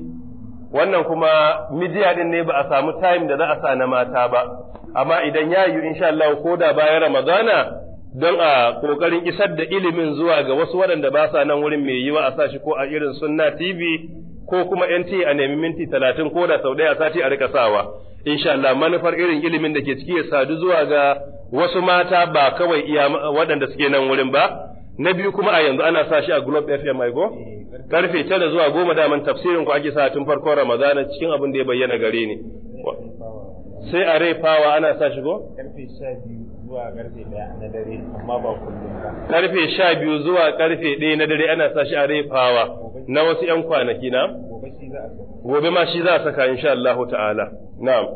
wannan kuma midiya din ne ba a samu time da za a sa na mata ba amma idan ya yi insha Allah ko da bayan Ramadana don a kokarin isar da ilimin zuwa ga wasu waɗanda ba sa nan wurin mai yiwa a sa shi ko a irin sunna TV ko kuma NT a nemi minti talatin ko da sau ɗaya sati a rika sawa insha Allah manufar irin ilimin da ke ciki ya sadu zuwa ga wasu mata ba kawai iya waɗanda suke nan wurin ba na biyu kuma a yanzu ana sa shi a Globe FM go eh, Karfe 9 zuwa goma daman tafsirin ku ake sa tun farkon Ramadana cikin abin da ya bayyana gare ni. Sai a rai fawa ana sa shi ko? Karfe sha biyu zuwa karfe 1 na dare amma ba kullum Karfe zuwa karfe na dare ana sa shi a rai fawa na wasu ‘yan kwanaki na? Gobe ma shi za a saka insha Allah ta'ala. Na'am.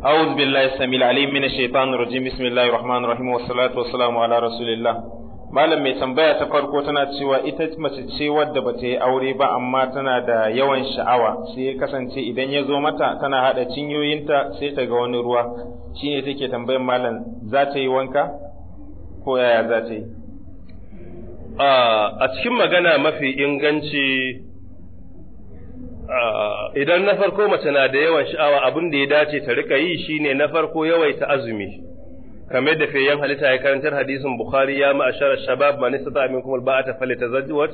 أعوذ بالله السميع العليم من الشيطان الرجيم بسم الله الرحمن الرحيم والصلاة والسلام على رسول الله malam mai tambaya ta farko tana cewa ita mace ce wadda bata yi aure ba amma tana da yawan sha'awa sai ya kasance idan ya zo mata tana hada cinyoyinta sai ta ga wani ruwa shine take tambayar malam za ta yi wanka ko yaya za ta yi a cikin magana mafi inganci Ah, idan na farko mace na da yawan sha'awa abin da ya dace ta rika yi shine na farko yawaita azumi kamar da fayyan halitta ya karantar hadisin bukhari ya ashara shabab man istata minkum alba'ata falyatazawwaj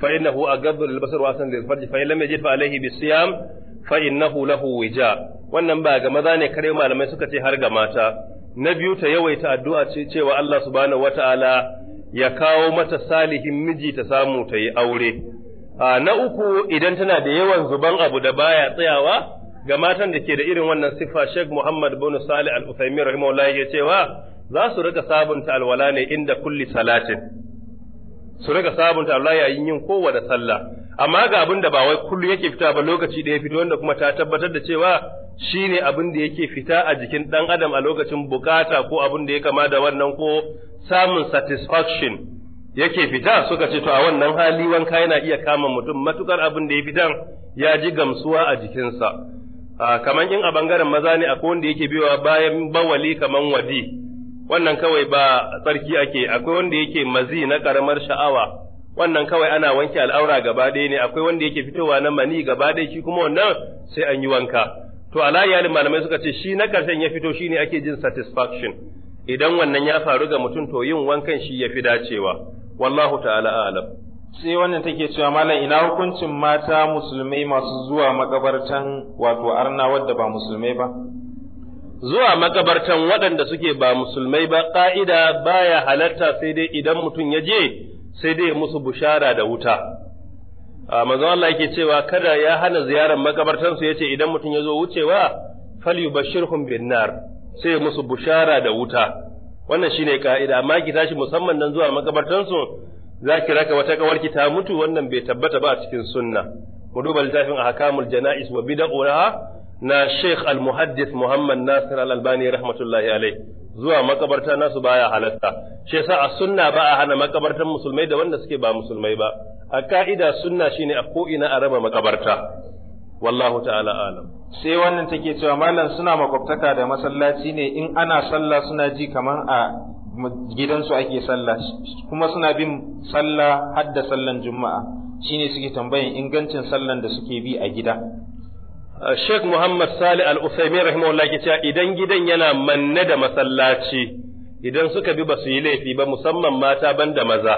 fa innahu aghaddu lilbasar wa asan lilfarj fa lam yajid fa alayhi siyam fa innahu lahu wija wannan ba ga maza ne kare malamai suka ce har ga mata na biyu ta yawaita addu'a ce cewa Allah subhanahu wataala ya kawo mata salihin miji ta samu ta yi aure na uku idan tana da yawan zuban abu da baya tsayawa ga matan da ke da irin wannan sifa Sheikh Muhammad bin Salih Al-Uthaymeen rahimahullah ya cewa za su rika sabunta alwala ne inda kulli salatin su rika sabunta alwala yayin yin kowace sallah amma ga abin da ba wai kullu yake fita ba lokaci da ya fito wanda kuma ta tabbatar da cewa shine abin da yake fita a jikin dan adam a lokacin bukata ko abin da ya kama da wannan ko samun satisfaction yake fita suka ce to a wannan hali wanka yana iya kama mutum matukar abin da ya fitan ya ji gamsuwa a jikinsa kamar in a bangaren maza ne akwai wanda yake biyowa bayan bawali kamar wadi wannan kawai ba tsarki ake akwai wanda yake mazi na karamar sha'awa wannan kawai ana wanke al'aura gaba ɗaya ne akwai wanda yake fitowa na mani gaba ɗaya shi kuma wannan sai an yi wanka to alayalin malamai suka ce shi na ƙarshen ya fito shi shine ake jin satisfaction idan wannan ya faru ga mutum to yin wankan shi ya fi dacewa wallahu ta'ala a'lam sai wannan take cewa malam ina hukuncin mata musulmai masu zuwa makabartan wato arna wadda ba musulmai ba zuwa makabartan waɗanda suke ba musulmai ba ƙa'ida baya halatta sai dai idan mutum ya je sai dai musu bushara da wuta a manzon Allah yake cewa kada ya hana ziyarar makabartan su yace idan mutum ya zo wucewa falyubashirhum bin nar sai musu bushara da wuta wannan shine ka'ida amma ki tashi musamman nan zuwa makabartansu za ki raka wata kawar ki ta mutu wannan bai tabbata ba a cikin sunna mu duba littafin ahkamul jana'is wa bid'ah na Sheikh al muhaddis Muhammad Nasir al-Albani rahmatullahi alai. zuwa makabarta nasu baya halatta shi yasa a sunna ba a hana makabartan musulmai da wanda suke ba musulmai ba a ka'ida sunna shine a ko'ina ina a raba makabarta wallahu ta'ala alam sai wannan take cewa malam suna makwabtaka da masallaci ne in ana sallah suna ji kamar a gidansu ake sallah kuma suna bin sallah har da sallan juma'a shine suke tambayan ingancin sallan da suke bi a gida Sheikh Muhammad Salih Al-Uthaymeen rahimahullah ke cewa idan gidan yana manne da masallaci idan suka bi basu yi laifi ba musamman mata banda maza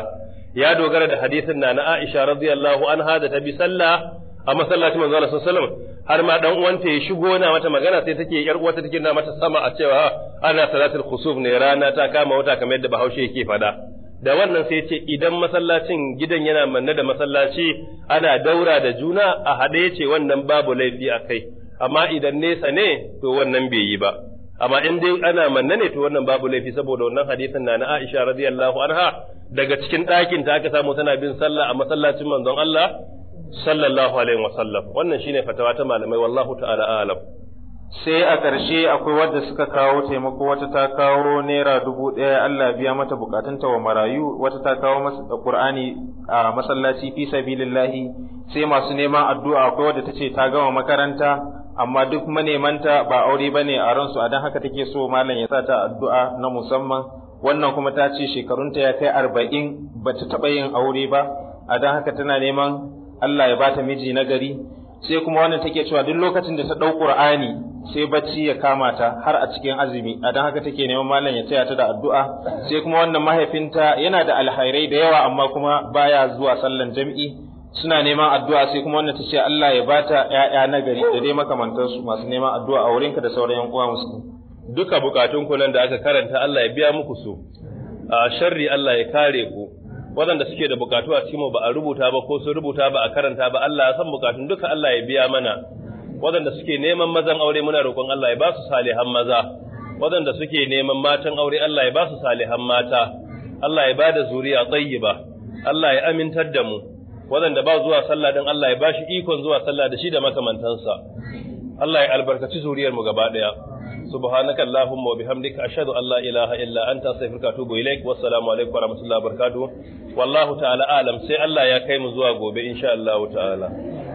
ya dogara da hadisin na na Aisha radiyallahu anha da ta bi sallah a masallacin manzo Allah sallallahu har ma dan uwanta ya shigo na mata magana sai take yar uwarta take na mata sama a cewa ah, ana salatul khusuf ne rana ta kama wata kamar yadda Bahaushe yake fada da wannan sai ce idan masallacin gidan yana manne da masallaci ana daura da juna a haɗe yace wannan babu laifi a kai amma idan nesa ne to wannan bai yi ba amma in dai ana manne ne to wannan babu laifi saboda wannan hadisin na na Aisha radiyallahu anha daga cikin ɗakin ta aka samu tana bin sallah a masallacin manzon Allah sallallahu alaihi wasallam wannan shine fatawa ta malamai wallahu ta'ala alam sai a ƙarshe akwai wadda suka kawo taimako wata ta kawo naira dubu ɗaya Allah biya mata ta wa marayu wata ta kawo masa Qur'ani a masallaci fi sabilillahi sai masu neman addu'a akwai wadda tace ta gama makaranta amma duk manemanta ba aure bane a ransu a dan haka take so malam ya sa ta addu'a na musamman wannan kuma ta ce shekarunta ya kai arba'in bata taɓa yin aure ba a dan haka tana neman Allah ya bata miji na gari sai kuma wannan take cewa duk lokacin da ta dau Qur'ani sai bacci ya kama ta har a cikin azumi a dan haka take neman mallan ya taya ta da addu'a sai kuma wannan mahaifinta yana da alhairai da yawa amma kuma baya zuwa sallan jami'i, suna neman addu'a sai kuma wannan tace Allah ya bata ƴaƴa na gari da dai makamantan su masu neman addu'a a wurinka da sauran yan uwa musu duka bukatun kullun da aka karanta Allah ya biya muku su a sharri Allah ya kare ku waɗanda suke da bukatu a cikinmu ba a rubuta ba ko sun rubuta ba a karanta ba Allah ya san bukatun duka Allah ya biya mana waɗanda suke neman mazan aure muna roƙon Allah ya ba su salihan maza waɗanda suke neman matan aure Allah ya ba su salihan mata Allah ya ba da zuriya tayyiba Allah ya amintar da mu waɗanda ba zuwa sallah din Allah ya ba shi ikon zuwa sallah da shi da makamantansa Allah ya albarkaci zuriyar mu gaba ɗaya subhanaka allahumma wa bihamdika ashhadu an la ilaha illa anta astaghfiruka wa atubu ilaik wa assalamu alaikum wa rahmatullahi wa barakatuh wallahu ta'ala alam sai Allah ya kai mu zuwa gobe insha Allah ta'ala